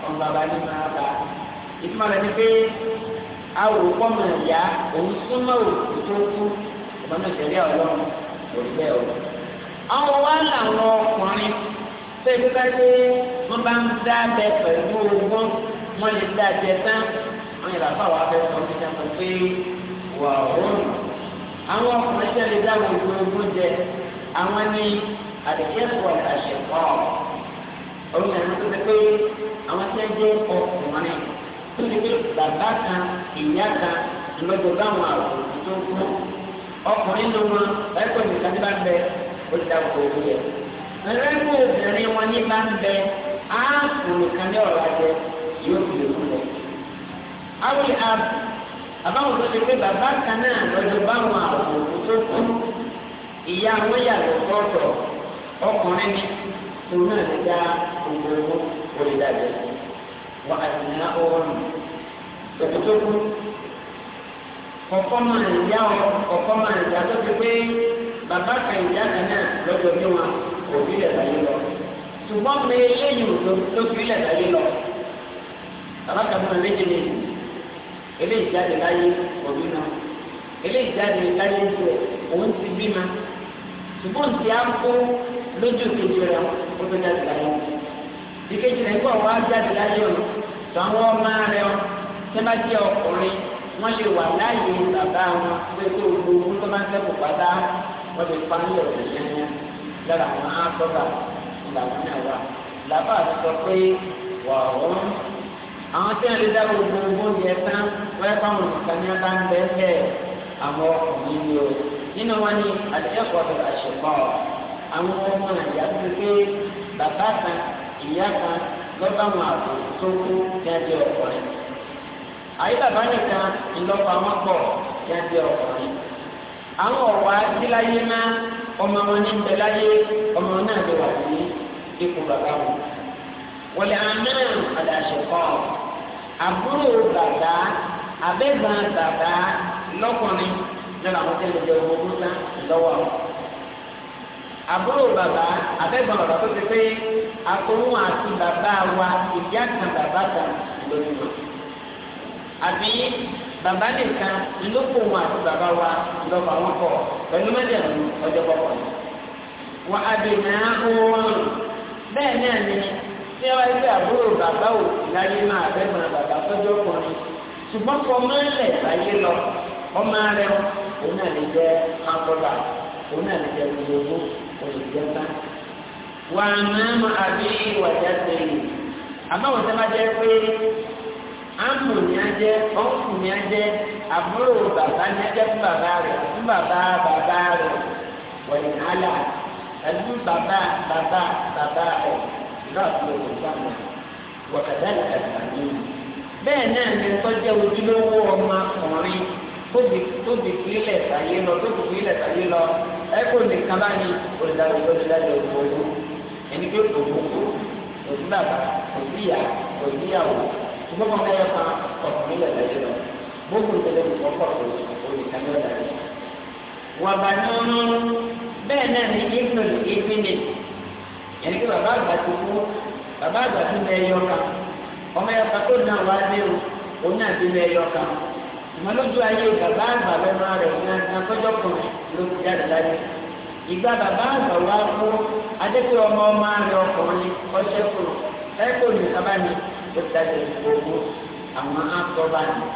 ọmọ bàbá ní máa bá. Ìtumá rẹ̀ ni pé awòrán ọmọ ìyá òun súnmọ́ òkú tó kú ọmọ náà sẹ̀ríà ọlọ́run kò rí bẹ́ẹ̀ o. Àwọn wa làwọn ọkùnrin ṣé bí bá dé wọ́n bá ń dá abẹ pẹ̀lú ogún wọ́n lè dá abẹ tán wọ́n yẹra fáwọn abẹ sọ̀rọ̀ ti dàgbà pé wà òun. àwọn ọkùnrin tí a lè dá wọn ogún ogún jẹ àwọn ní àdìgẹ́sọ̀ àṣẹ̀kọ́ ọ̀run ẹ̀rọ tó ti pé àwọn tí a jẹ́ ọkùnrin tó ti pé bàbá kan ìyá kan ìlọ́jọ́ báwọn àwòrán tó kú ọkùnrin ló wọn láìpẹ́ nìkan tí bá ń bẹ ó ti dá wọn ogún jẹ ẹlẹ́nu obìnrin wọn ní bá ń bẹ áàpùlù kan ní ọ̀rọ̀ ajẹ yóò fi lè kú lọ. àwọn àbù àbáwọn tó ti pé bàbá kan náà lọ́jọ́ báwọn àbò tó kú ìyá wọn yàgò fọ́tọ̀ ọkùnrin ní òun náà ti dá ògbòrò orí dàbẹ̀ wọ́n àti ní ọ̀run tòkó tó kú kọ̀kọ́ máa ń yá ọ máa ń yá tó ti pé bàbá kan ìyá kan náà lọ́jọ́ bí wọn òbí lẹ̀ láyé lọ ṣùgbọ́n mi eléyìí ló fi lẹ̀ láyé lọ alákàtúntà méjì ni eléyìí jáde láyé òbí náà eléyìí jáde láyé ju òun ti bí ma ṣùgbọ́n ti á kó lójú kejì rẹ̀ ó tó jáde láyé ìkejì rẹ̀ gbọ́ wá jáde láyé o tó ọmọ rẹ̀ o tẹ́ ọkùnrin wọ́n lè wà láàyè bàbá wọn pé kó gbogbo tó máa ń sẹ́kù pátá wọ́n lè pa ní ọ̀sẹ̀ yẹn lára àwọn ápọ́lá làwọn náà wà làbá àti sọ pé wà wọ́n àwọn tí wọ́n lè dá gbogbo oúnjẹ tán wọ́n fáwọn nǹkan ní ọba ń bẹ́ bẹ́ẹ̀ àwọn ọkùnrin ni o nínú wọn ni àdéhùn ọ̀dọ̀ àṣepọ̀ àwọn ọmọ nàìjíríà ti pé bàbá kan ìyá kan lọ́ba àwọn àbò tó kú jáde ọkùnrin àyè bàbá nìkan ńlọ́pàá wọn pọ̀ jáde ọkùnrin àwọn ọ̀wá síláyé máa ọmọ wọn ní bẹ láyé ọmọ náà lè wà ní ipò bàbá wọn. wọlé anáà àdàṣe kọ́ àbúrò bàbá abẹ́gbọ̀n bàbá lọ́kùnrin lọ́la àwọn tẹ́lẹ̀ jẹ́ ọmọ ọdún náà lọ́wọ́ àbúrò bàbá abẹ́gbọ̀n bàbá tó ti pé akóhùn àti bàbá wa ìyá kan bàbá kan lónìí àbí bàbá nìkan lókun wọn àti bàbá wa lọ́ba wọn kọ̀ pẹ̀lú mẹ́jẹ̀mú ọjọ́ pọ̀pọ̀ ni. wọn àbẹ̀mẹ̀ ahọ́n bẹ́ẹ̀ náà ni tí wọ́n wáyé pé àbúrò bàbá ò láyé máa bẹ́ẹ̀ bàbá tọ́jọ́ ọkùnrin ṣùgbọ́n kọ́ máa ń lẹ̀ láyé lọ ọmọ rẹ òun náà lè jẹ́ akọ́lá òun náà lè jẹ́ gbogbo olùjẹ́ta. wà á máa ma àbí ìwà jáde àmọ́ òun tẹ́ bá jẹ́ pé ámù ní ajẹ́ ọ̀fù ní ajẹ́ àbúrò bàbá ní ajẹ́ fún bàbá rẹ̀ fún bàbá bàbá rẹ̀ wọ̀nyí hálà ẹ̀dùn bàbá bàbá bàbá rẹ̀ náà tó o gbà mọ́ wọ̀kàtà ìkàtà ní. bẹ́ẹ̀ náà ni tọ́jú ojúlówó ọmọkùnrin tóbi tóbi kílẹ̀ tàyé lọ tóbi kílẹ̀ tàyé lọ ẹ̀kọ́ nìkan bá ní olùdarí olùdarí òkòwò ẹni pé òkòwò òsínbàbà òsíyà òsíyàwó ṣùgbọ́n máa fẹ́ fa ọ̀sán nílẹ̀ láyé lọ gbogbo ìtẹ̀lẹ̀ kò kọ́ pọ̀ olùkàmẹ́ láyé. wà bá nínú bẹ́ẹ̀ náà ní ìgbìmọ̀ ìpínlẹ̀ yẹn kí bàbá àgbà ti kú bàbá àgbà ti bẹ ẹyọ kan ọmọ ẹ̀ka tó náà wá dé o òun náà ti bẹ ẹyọ kan ìmọ̀ ayé bàbá àgbà lẹ́nu rẹ̀ ní akọ́jọ́ kan ló ti jáde láyé ìgbà bàbá àgbà wá kú adé pé ọmọ ọmọ rẹ̀ ọkùnrin ọṣẹ́ ó dájú gbogbo àwọn àtọ́ba ni.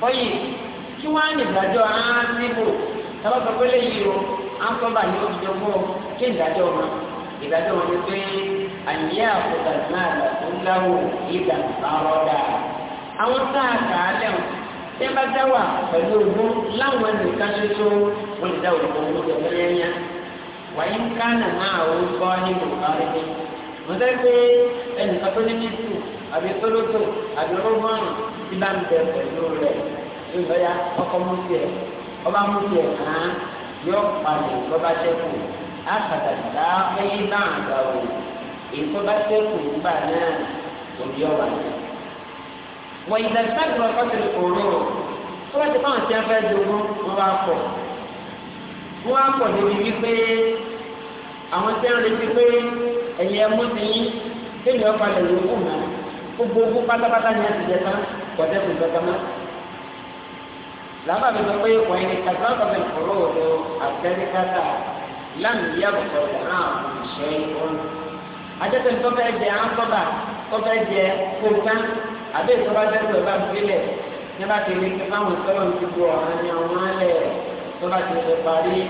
Fọ́yì kí wọ́n á nìdájọ́ ánsíbò tábà sọ pé léyìí o àtọ́ba ni ó ti jọ fún ọ kí ìdájọ́ wọn ìdájọ́ wọn ni pé àyè àkókò náà lọ́dún láwò ìgbà àrọ́ dáa. Àwọn sáà kàálẹ̀ wọn tí a bá dá pẹ̀lú ogún láwọn ẹnìkan ṣoṣo wọ́n ti dá òkú ogún tó fẹ́ yẹn Wàyí ń ká nà máa orúkọ nínú ọ̀rẹ́ wọ́n sáré pé ẹnì kan tó ní mítù àbí tólótò àbí rọ́gbọ́n tí bá ń bẹ pẹ̀lú rẹ̀ lóyún ọ̀yá ọkọ̀ mú tiẹ̀ ọba mú tiẹ̀ hàn yọ palẹ̀ lọ́ba ṣẹ́kù àkàtàkàtà ẹ̀yìn náà gbà wò èso bá ṣẹ́kù nígbà náà òbí ọ̀wà. wọ́n ìdàgbàsókè ọkọ̀ tó lè kóró tó bá ti fáwọn tí wọ́n fẹ́ dogun wọ́n wá pọ̀ wọ́n wá pọ̀ débi wípé àwọn tí wọ́n retí pé ẹ̀yìn ẹmú ti yín kéèyàn ọ̀pá lè lò ó mọ́ gbogbo ogún pátápátá ni a ti jẹ tán kọ̀dẹ́ kò gbọ́dọ̀ mọ́. làbà mi sọ pé wọ́n yẹn kàtà ọ̀pọ̀ ìfọ̀rọ̀ ọ̀dọ̀ àtẹ́ríkátà láàmì yá bọ̀tọ̀ náà ìṣe ìfọ̀n. ajẹ́tẹ̀ tó fẹ́ jẹ ánsọ́bà tó fẹ́ jẹ kóńtà àbẹ́ ìsọ́bà tẹ́tù ọ̀bà gbélẹ̀ ní bá ti rí kí fáwọn ìsọ́lọ́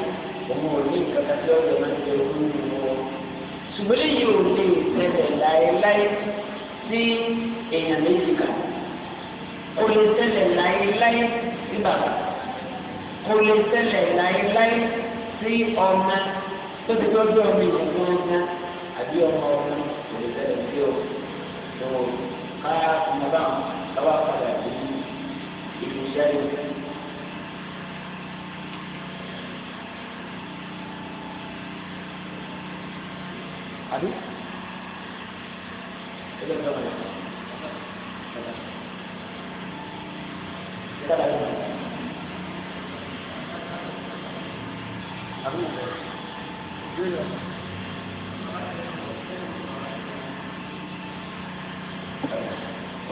òun ò ní ìkàkà tí ọ̀dọ̀ máa ń jẹ ogún nínú wọn. ṣùgbọ́n lẹ́yìn ò lè tẹ̀lẹ̀ láéláé sí èèyàn méjì kan kò lè tẹ̀lẹ̀ láéláé sí bàbá kò lè tẹ̀lẹ̀ láéláé sí ọmọ tó ti tọ́jú ọmọ ìyàgbọ́ ọmọ àbí ọmọ ọmọ kò lè tẹ̀lẹ̀ sí ọ ká ọmọ báwọn ká wá padà sí ìlú sẹ́yìn. àbí.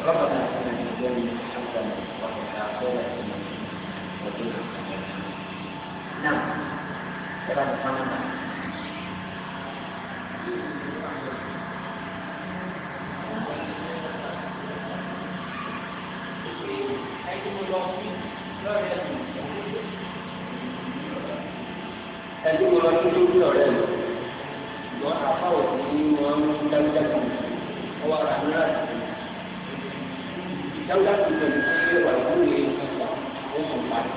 ربنا اتنا في الدنيا حسنه وفي الاخره حسنه وقنا عذاب النار نعم كلام محمد tó ní ọ̀rẹ́ mi wọn àfáwọ̀ tí wọ́n ń dájúdájú ọwọ́ ara ní láti dájúdájú pẹ̀lú tí wà lóye ìgbà ó sùn parí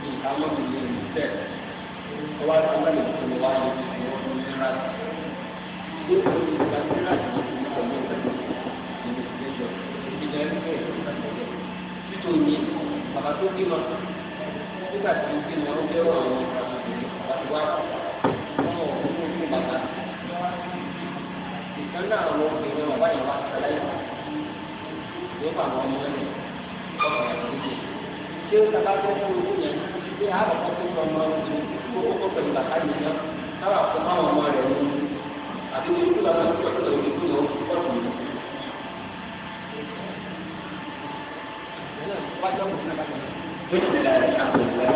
ní ìkámọ́ mi lè ní bẹ́ẹ̀ ọwọ́ ara ní láti tó wá ní ìwọ́n ní láti ó sùn ní ìgbà ní láti ní pẹ̀lú pẹ̀lú ìgbésẹ̀ ìgbésẹ̀ ìgbésẹ̀ ìgbésẹ̀ títò ní bàbá tó bímọ nígbà tí ó bímọ là cái Nếu bạn náà wo ìwé wọn wáyé wá sọlá yìí yóò fà wọn mú ẹni ọkọ ẹni níbi tí ó sábà tó fún owó yẹn tí a bá tó fún ọmọ ọdún kó o kó pẹ̀lú bàtà yìí náà káwá kó má wọn mọ rẹ ní àti ní là bàbá tó tó ìlú tó lọ pọ̀ jù lọ. بسم الله الحمد لله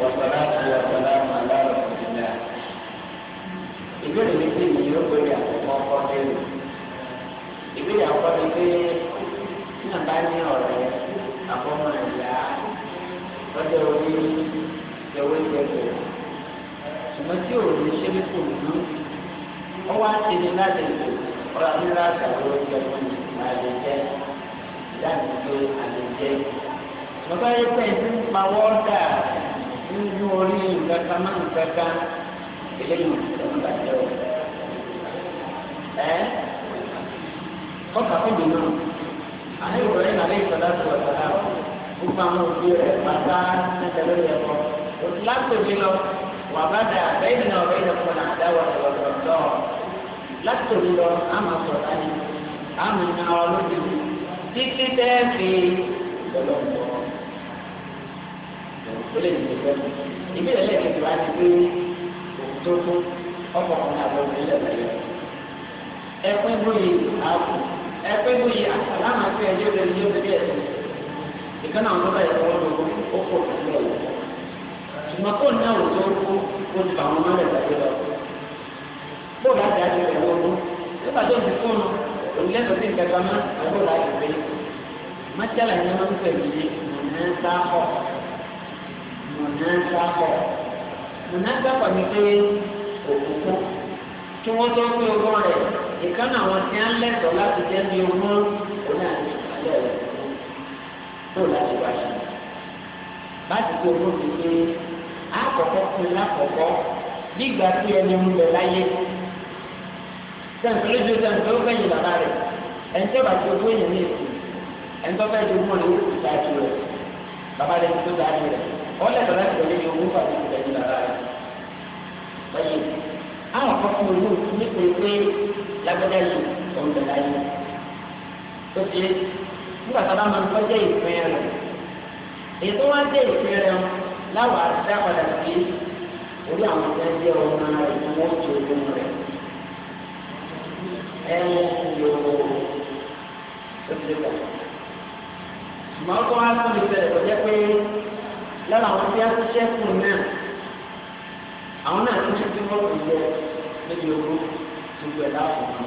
والصلاة والسلام على ìbéèrè méjì ni yóò gbé ní àkọ́kọ́ ọkọ lérò ìbéèrè àkọ́kọ́ ni pé tí bá ní ọ̀rẹ́ àkọ́mọ ìyá lọ́jọ́ orí ìjọwọ́ ìjẹ́kọ̀ ṣùgbọ́n tí ò ní ṣe ní kò dúró ó wá ṣe ní láti lò ọ̀rọ̀ àti láti àwọn ìjọba àlè jẹ́ ìdáàbò pé àlè jẹ́ ṣùgbọ́n bá yẹ pé ń pa wọ́ọ̀dà nínú orí nǹkan kan eléyìí ló ń bàjẹ́ o ẹ kọ́kà fún mi náà àní ìrọ̀lẹ́ nàlẹ́ ìfọ̀dá tó wà sàrà gbogbo àwọn òbí rẹ̀ bàbá ẹ̀jẹ̀ lórí ẹ̀kọ́ látòjì lọ wà bá dà bẹ́ẹ̀ ni ọ̀rẹ́ yẹn kọ́ nà dáwọ̀ lọ́wọ́ látòjì lọ àmà sọ̀rọ̀ àní àmì nà ọ́ lóde títí tẹ́ẹ̀fì lọ́lọ́mọ́ ìbéèrè lẹ́yìn tó wá ti pé. tó tó na àbọ̀wọ̀ ilẹ̀ lẹ́yìn. ẹ̀pẹ́ bóyè ààbò ẹ̀pẹ́ bóyè àtàlámà pé ẹjọ́ rẹ̀ ní ọdún díẹ̀ sí. ìkànnà àwọn ọlọ́dà ìfọwọ́ ló kó ó kó pẹ̀lú ẹ̀ ṣùgbọ́n kó ní àwùjọ kó kó ti bà wọn lọ. tó fóònù sí àbúrò láti mùnàgbàpọ̀ ni pé òkùnkùn kí wọ́n tó pé ogún rẹ̀ ìkànnì àwọn tí a ń lẹ́tọ̀ọ́ láti jẹ́ bí ogún òun àti ìpàdé rẹ̀ tó láti wá sí. báàtì tí ogún ti pé àkọ́kọ́ fún lákọ̀ọ́kọ́ nígbà tí ẹni ń bẹ láyé sẹ́ǹtì lójú sẹ́ǹtì ó fẹ́yìn bàbá rẹ̀ ẹ̀ńtí ọ̀bà tí ogún èèyàn ní èsì ẹ̀ńtọ́ fẹ́ẹ́ di ogún rẹ̀ ó sì dájú rẹ̀ bàbá rẹ̀ ti tó dájú rẹ̀ wọ́n lẹ́tọ̀ọ́ láti wọlé ní owó fàdé ìgbẹ́ ní bàbá rẹ̀ lọ́yẹ̀ àwọn akọ́kọ́ olú ní pé pé lágbẹ́dẹ́ yìí òun bẹ̀rẹ̀ ayé tó ṣe nígbà tó bá máa ń kọjá ìpín rẹ̀ èyí tó wá dé ìpín rẹ̀ láwọn àṣà padà sí orí àwọn ọ̀gá jẹ́ ọmọ rẹ̀ tí wọ́n ti ogun rẹ̀ ẹ ń lo òṣèlú. ṣùgbọ́n kó wá lọ́ọ́ lè bẹ̀rẹ̀ kọjá pé lára àwọn tí a ti ṣẹ́kù náà àwọn náà tún ṣe tí wọ́n ti yẹ níbi ogún tó gbẹ láàbò kan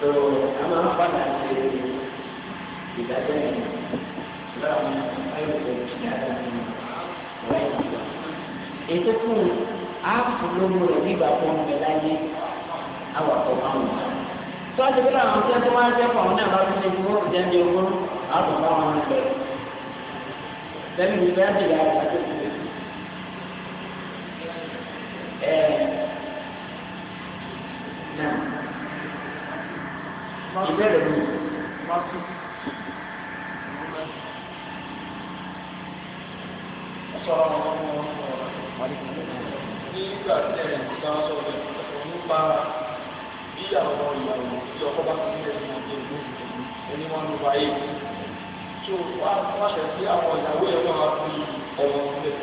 tó a máa ń padà ṣe ìdájọ́ yẹn lára àwọn ayọ̀dẹ̀ ìdájọ́ yẹn wáyé ìgbà. ètò fún áàpù lóko rẹ̀ nígbà tó ń bẹ láyé àwọn àkọ́kọ́ àwọn ọ̀gá tó a ti gbé láwọn tí a ti wá ń ṣẹ́kù àwọn náà bá tún ṣe fún ọ̀gá ìjẹun ogún àwọn ọ̀gá àwọn ọ̀gá lẹ́nu mi náà bèrè àwọn àti òkúté. Ẹ̀ náà ìbéèrè mi wọ́n tún. Sọ̀rọ̀ nígbà tí ẹ̀rìn kan sọ̀rọ̀ ẹ̀kọ́ nípa bí àwọn ìyàwó tí ọkọ bá ti ń lẹ́sìn àti ìlú onímọ̀ nípa èyí tó wá wáṣẹ sí àwọn ìyàwó ẹ̀ máa fi ọmọ sílẹ̀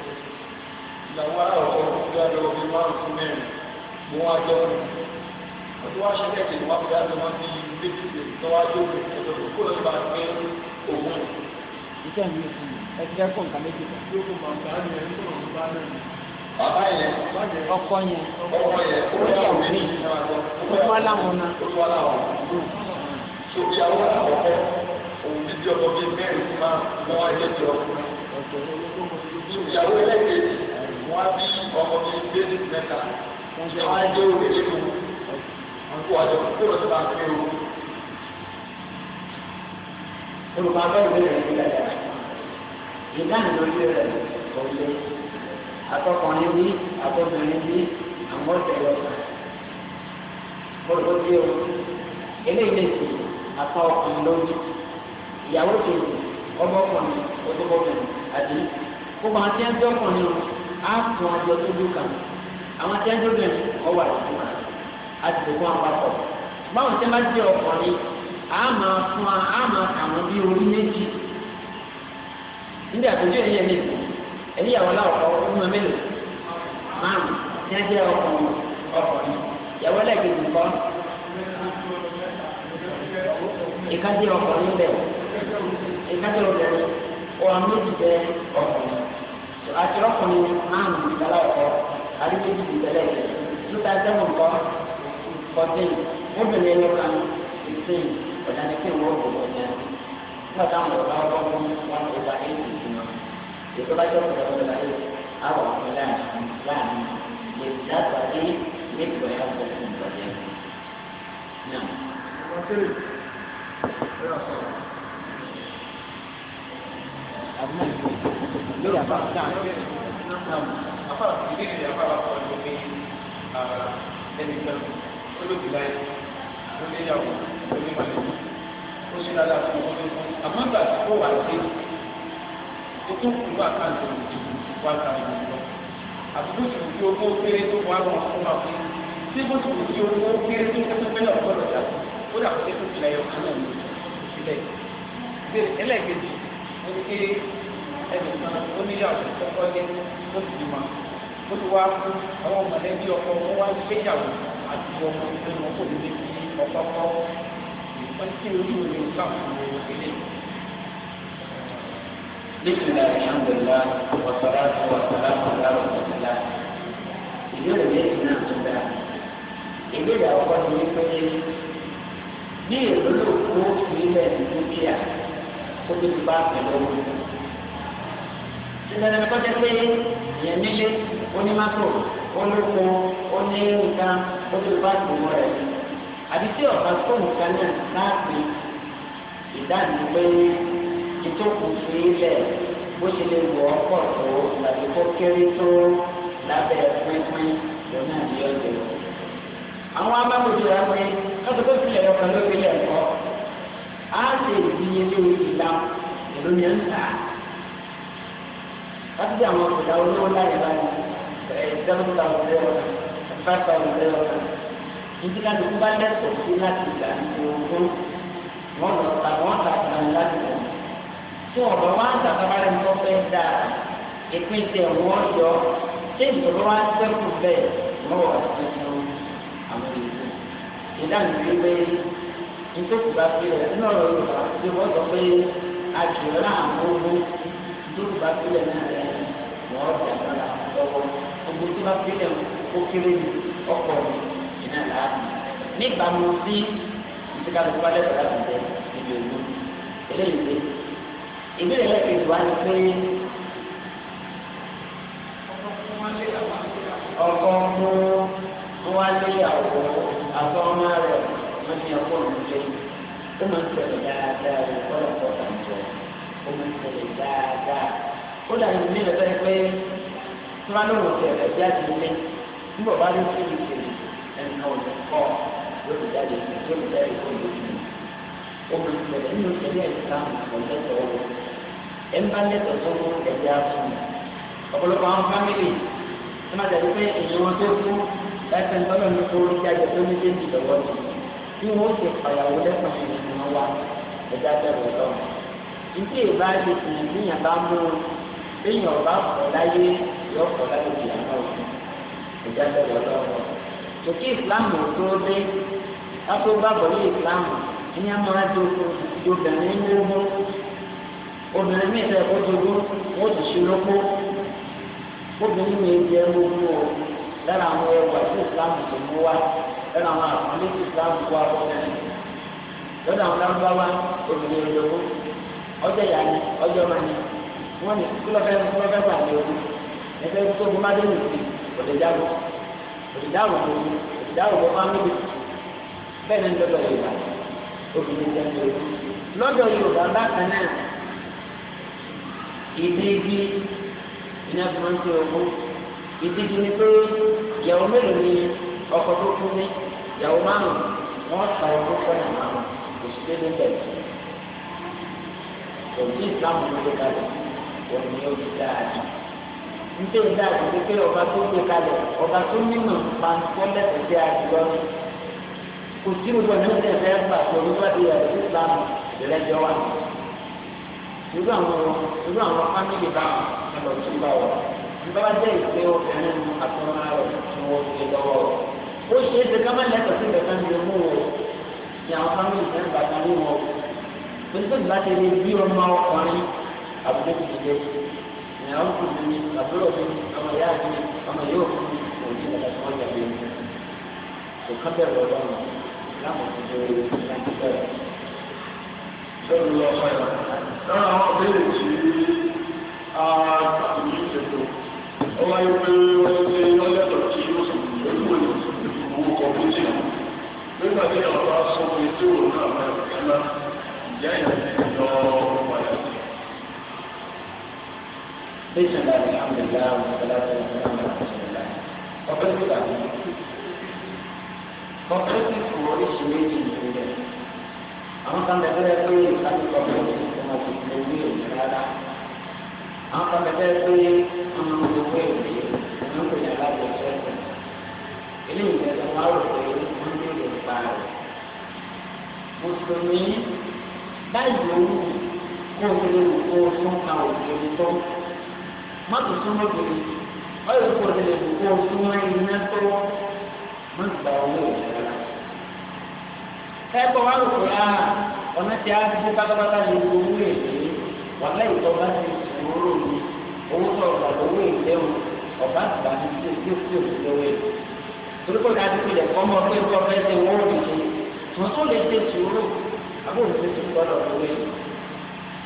ìyàwó aláwọ̀ ọ̀gbìn adé ọbí márùn sí mẹ́rin mo wá jẹ́ ọ̀rọ̀ ọdún wá ṣe lẹ́ẹ̀kì wá fi dáná wọn bí bíbí ìtọ́wájú ọ̀dọ̀ tó kó lọ́ọ́ bá gbé òun. iṣẹ́ mi ẹ ti rẹ́pọ̀ nǹkan méjì kan. yóò kó bàbá yẹn ń sọ̀rọ̀ bá náà bàbá yẹn ọkọ yẹn ọkọ yẹn oníyàwó mi ó tún wá láwọn náà ó tún wá láwọn náà tó ìyàwó àkọ́kọ́ òun dídí ọkọ bíi mẹ́rin sí máa mọ́ ẹlẹ́jọ ìyàwó ẹlẹ́kẹ̀ẹ́jì wọ́n á bí ọkọ bíi bẹ́ẹ̀ni mẹ́ta wọ́n á jẹ́ òwe nínú àgbo àjọ kó lọ sí máa pé o. olùkọ́ akẹ́kọ̀ọ́ bẹ̀rẹ̀ ní ìlànà ìdáhùn lórí rẹ̀ ọ̀lẹ́ akọkùnrin bí akọkùnrin bí àwọn ọ̀sẹ̀ lọ́sàn olùkọ́ bí o eléyìí lè ṣe akọ ọkùnrin lójú. ìyàwó kejì ọmọkùnrin ọdúnkọkùnrin àti gbogbo àwọn tí wọn jẹ ọkùnrin o á tún tó dùn kan àwọn tí wọn jẹ obìnrin ọwọ́ àdúgbò kan àti àwọn papọ̀ báwọn tí wọn jẹ ọkùnrin fún orí méjì níbi ìyàwó ọmọ ọkùnrin ọkùnrin ìyàwó ìkájẹ ọkùnrin ìdájọ́ rẹ̀ ọ̀rọ̀ méjì bẹ ọkùnrin tó àti ọkùnrin márùn-ún ìdálá ọ̀kọ́ àríkèjì ìdálẹ̀ tó ta dẹ́wọ̀n kọ́ fourteen obìnrin ẹni kan fifteen ọ̀dàníkì wọ́n kò wọ́n yẹn nígbà táwọn ọ̀gá ọkọ̀ fún wọn kò bá eight ìgbìmọ̀ ètò bá jẹ́ ọ̀gá ọ̀gá eight àwọn ọ̀gá láàrin láàrin lè dábàá dé lẹ́kọ̀ọ́ ẹ̀ ọ̀gá ìgbàlẹ̀ náà. afa ìdílé yàrá bá kọ́ ló ní ẹnì kan olóògbé láyé ló ní ìyàwó ló ní màlẹ́ ó ṣe dáadáa fún owó ló fún àmọ́ ìgbà tí ó wà sí ètò ìlú àkáǹtì wà láàrin ìlú àti bó ti wù kí owó kéré tó wà lọ fún wa fún tí bó ti wù kí owó kéré tó kéré tó fẹ́ lọ́wọ́ lọ́wọ́ dà ó dà kó tó fi láyọ̀ fún ẹ̀mí ìṣẹ̀lẹ̀ ẹlẹ́ẹ̀kejì ó ní kéré ẹnìkan oníyàwó kọ́kọ́ lé ó sì bímọ ó ti wá fún àwọn mọ̀lẹ́bí ọkọ wọn wá gbéyàwó àti ọmọ ìpinnu wọn kò ní lè fi ọkọ kọ wọn tí ojú rẹ ń kà fún wọn ilé. bísí ní alhamdulillah wàsálà wàsálà wàsálà wàsálà ìbéèrè méjì náà tún dáa ìbéèrè àkọ́kọ́ ìlànà ẹ̀kọ́ jẹ́ pé ìyẹn nílé onímọ́tò olóko onírúkà olùbáàdì mọ́ rẹ̀ àbí tí ọ̀gá fóònù kan náà láàbì ìdáhùn pé ìtòkù sí ilẹ̀ bó ṣe lè wọ̀ ọ́ pọ̀ tó láti kó kéré tó lábẹ́ pínpín lọ́nà ìyọ̀dẹ̀. àwọn abámojú wa pé lọ́sọ̀ tó fi ẹ̀rọ kan lórí ilẹ̀ ẹ̀kọ́ á ṣe ìdíyelé ìlà ìlú yẹn ń ta láti bí àwọn ọ̀dà olówó láyé báyìí seven thousand ẹ̀rọ five thousand ẹ̀rọ ìdí kan tó bá lẹ́sọ̀ sí láti ìgbà ìgbà ogún wọ́n lọ ta wọ́n ta ìgbàlè láti lọ. tí ọ̀dọ̀ wá ń tàbára rẹ̀ tó fẹ́ dà ìpín tí ẹ̀wọ̀n yọ ṣé ìṣòro wá sẹ́kù bẹ́ẹ̀ lọ́wọ́ àti ìṣòro àwọn èèyàn. ìdáhùn pé ìtòkù bá fi rẹ̀ nínú ọ̀rọ̀ Yorùbá ti wọ́n sọ pé àjùlọ́ àwọn ogun ìtòkù bá fi rẹ̀ náà rẹ̀ ọjà ìgbà lọ́wọ́ gbogbo tí wọ́n fi lẹ̀ ó kéré ní ọkọ̀ ìná láàbù nígbà mo sí ìsìkàlùkù wálé ọ̀rọ̀ láti jẹ ibi ògùn eléyìí ìbéèrè lẹ́ẹ̀kejì wá ní pé ọkọ̀ mú wálé àwọ̀ àtọ́mọ́ rẹ̀ wọ́n ní ọkọ̀ òǹdílé ó máa ń tẹ̀lé dáadáa ó máa ń tẹ̀lé dáadáa ó dàbí ní ìlẹ̀ sẹ́yìn pé tí wọ́n á lòrò tẹ̀lẹ̀ jáde ilé nígbà bá ló fi lè tẹ̀lé ẹnìkan ò lè kọ́ yóò fi jáde ilé yóò fi jáde kó lè fi obìnrin tẹ̀lé nínú tẹ̀lé ẹ̀ka ọ̀lẹ́tọ̀ ọ̀wọ́ ẹ̀ ń bá lẹ́tọ̀ tó kó ẹ̀jẹ̀ àtúnú ọ̀pọ̀lọpọ̀ àwọn fámìlì ẹ má dàbí pé èyí wọn tó kú láti ń tọ́lọ̀ ní kó orí jáde tó ní déjì lọ́wọ́ ni bí wọ́n ṣe pàyàwó lẹ́sàn-án lẹ́yìn ọba pọ̀ láyé yọ pọ̀ láyé ìdí àwọn òkú ìjà bẹ̀rẹ̀ lọ́wọ́. Òkè Islam, tó dé káfó bàbọ̀ yìí ìsìláàmù ní a máa di obìnrin ní ogún obìnrin mi ìfẹ́ kó jogún wọ́n ti ṣe lóko obìnrin mi jẹ́ gbogbo o lára àwọn ẹwà tí ìsìláàmù tó mú wa lára àwọn àkànlé tí ìsìláàmù wà lọ́sẹ̀ lọ́dọ̀ àwọn lágbáwá obìnrin ìlú ọjọ́ ìyá ni ọjọ́ máa ní wọ́n ní kílọ̀fẹ́ kílọ̀fẹ́ fà ní ojú ẹgbẹ́ tó fi má dé ní ìsìn òdìdáwò òdìdáwò ló ní òdìdáwò ló máa ń níbi bẹ́ẹ̀ ni lọ́dọ̀ Yorùbá obìnrin jẹ́ ní ojú lọ́dọ̀ Yorùbá bákan náà ìdígi iná fi máa ń ṣe owó ìdígi ni pé ìyàwó mélòó ni ọkọ tó kú ní ìyàwó márùn-ún wọ́n ta ọkọ fọ́nà márùn-ún òṣìṣẹ́ ló bẹ̀rẹ̀ òṣìṣẹ́ ìsìlámù ló dé kalẹ̀ ni òní ó ti dáadé nítorí dáadé pé pé ọba tó gbé kalẹ̀ ọba tó nínú pàǹtọ́ lẹ́sẹ̀ sí àjùlọ ni kò sí gbogbo ẹ̀mí ní ẹ̀fẹ́ gbà tó olúwàdí ẹ̀rọ ìsìlámù ìrẹ́jọ wa irú àwọn irú àwọn fámìlì bá ẹ̀rọ tó bá wọ̀ nígbà jẹ́ ìpè obìnrin àtọ́nà rẹ̀ tí wọ́n fi lọ́wọ́ ó ṣe é ṣe ká má lẹ́tọ̀ọ́ sí ìbẹ̀fẹ́ mi mú o ní àwọn fámìlì fẹ́ gbàgbọ́ wọn o nítorí láti rí bí ọmọ ọkùnrin àbúrò ti dìde ìyá ń kú mi àbúrò mi ọmọ ìyá mi ọmọ yóò kú mi kò ní ìlànà tí wọ́n yà mí kò ká bẹ̀rẹ̀ ọlọ́run láwọn ti dé láti bẹ̀rẹ̀. lọ́run lọ ọmọ ìlà lọ́run àwọn ọ̀bẹ̀rẹ̀ tí a tàbí ìṣètò ọmọ yóò pé wọ́n ṣe lọ́lẹ́tọ̀ tí yóò sùn pẹ̀lú òní owó kọ̀ọ̀pọ̀tì nígbà tí àwọn bá sọ pé tí òun náà máa ń kẹ́lá ìyá ìyá ìyá ọmọ ìyá بسم الله الحمد لله والصلاة والسلام على رسول الله ọpẹ́ tó dàbí ọpẹ́ tí kò oríṣi méjì nílẹ̀ àwọn kan bẹ fẹrẹ pé láti kọ pé kò máa ti fi ewé òní rárá àwọn kan bẹ fẹrẹ pé wọn máa ti wé òní wọn kò ní alábòsẹ eléyìí bẹ sọ wọn rò pé mọ́tò súnmọ́ gbòòrò ọ̀yọ́ kò lè kó súnmọ́ iná tó wọ́n gba owó ìjọba. kẹ́kọ̀ọ́ wá lò pé ah ọ̀nà tí a ti dé pátápátá ní owó èlé wà lẹ́yìn tó bá ti sòwòrò mi owó tó ọ̀gá owó ìdẹ́wò ọ̀bá àgbà ní tí o tí o ti lówó èlé. torí pé a ti fi lè kọ́ mọ́ pé nǹkan fẹ́ ṣe wọ́n ò lè ṣe tó lè ṣe sòwòrò àbúrò ti ti gbọ́dọ̀ owó èlé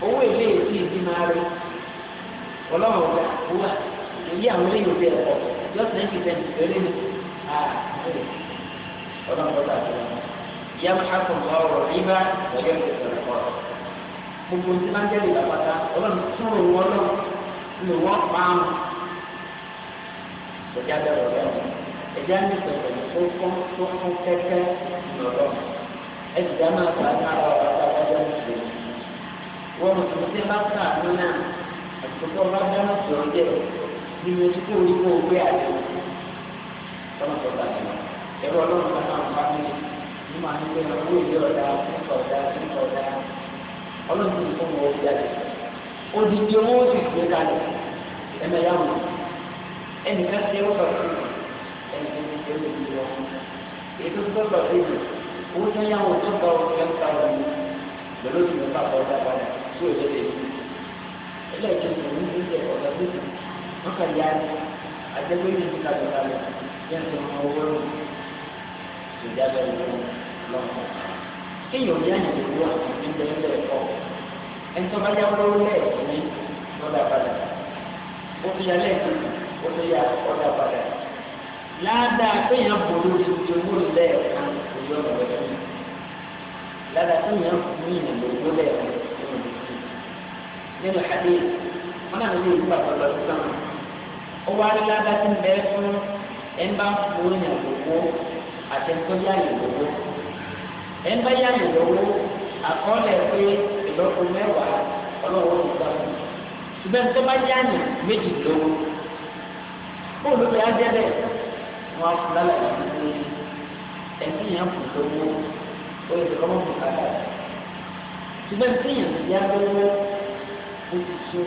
owó èlé èsì ìdí ọlọ́run ọ̀gá wúwà èyí àwọn eléyìí òbí ẹ̀kọ́ yọ twenty ten péré ni ọlọ́run ọ̀gá àtúnwá yà máa kọ̀ lọ́rọ̀ rírà lọ́jọ́ ìgbésẹ̀ kọ́ gbogbo tí máa ń jẹ́rìí lápáta ọlọ́run tún òun ọlọ́run ni wọ́n pa á ẹ̀já bẹ̀rẹ̀ ọ̀gá ẹ̀já ní pẹ̀lú tó fún tó fún kẹ́kẹ́ lọ́rọ̀ ẹ̀já máa bá a ní àwọn ọ̀gá àtàwọn ọ̀gá wọ́n mọ̀ tó ti bá sáà nínú náà àtúntò bá dáná sí ọjọ́ ní mo ti kó orí kó o gbé àjọ lọ́nà tó bá jù ẹ̀rọ ọlọ́run bá náà bá mi ní màá ní pé owó ìlú ọ̀dà nípa ọ̀dà nípa ọ̀dà ọlọ́run ti fún wọn ọjà jù odidi owó sì gbé kalẹ̀ ẹ̀mẹ̀yà wọn ẹnìkan ti ẹwọ́ bàbá ẹnìkan ti ẹwọ́ bàbá ètò tó bàbá èlò owó tó yà wọn tó bá ọ̀gá ń wọn lọ́lọ́sìn ló bá ẹlẹ́ẹ̀kejì ní ní ilé ọ̀dọ́ gbèsè wọn kà yá ní àjẹgbé yìí níta lọ́la lọ yẹn tó mọ owó rẹ̀ ìjà bẹ̀rẹ̀ lọ́wọ́ lọ́wọ́. kéèyàn ní àyè ìlú àwọn ẹgbẹ́ ilé ẹ̀kọ́ ẹni tó bá yáwó lọ́wọ́ lẹ́ẹ̀kí lọ́dà padà ó fi yá lẹ́ẹ̀kejì ó fi yá ọ̀dà padà ládàá kéèyàn bòrò ìdòwò lẹ́ẹ̀kan òyìnbó lẹ́ẹ̀kan ládàá kéèyàn fún ìyìnbó lẹ́ẹ̀kan nínú hadi wọn náà lórí ìlú àgbàdo ọ̀sán ó wá rí ládàtí bẹ́ẹ̀ fún ẹnba fún ìyàgbogbo àti ẹnkọ́jà ìyàgbogbo ẹnba yà ìyàgbogbo àkọọ́lẹ̀ pé ìlọ́kùn mẹ́wàá ọlọ́wọ́ ti gbà fún ṣùgbọ́n tó bá yà ní méjì lówó bóòlù bẹ́ẹ̀ á jẹ́ bẹ́ẹ̀ wọn á fún lálẹ́ àti ẹ̀sìn yẹn kù lówó ó lè kọ́ mọ́ fún kàkà ṣùgbọ́n tí yàn ti yá lówó fojú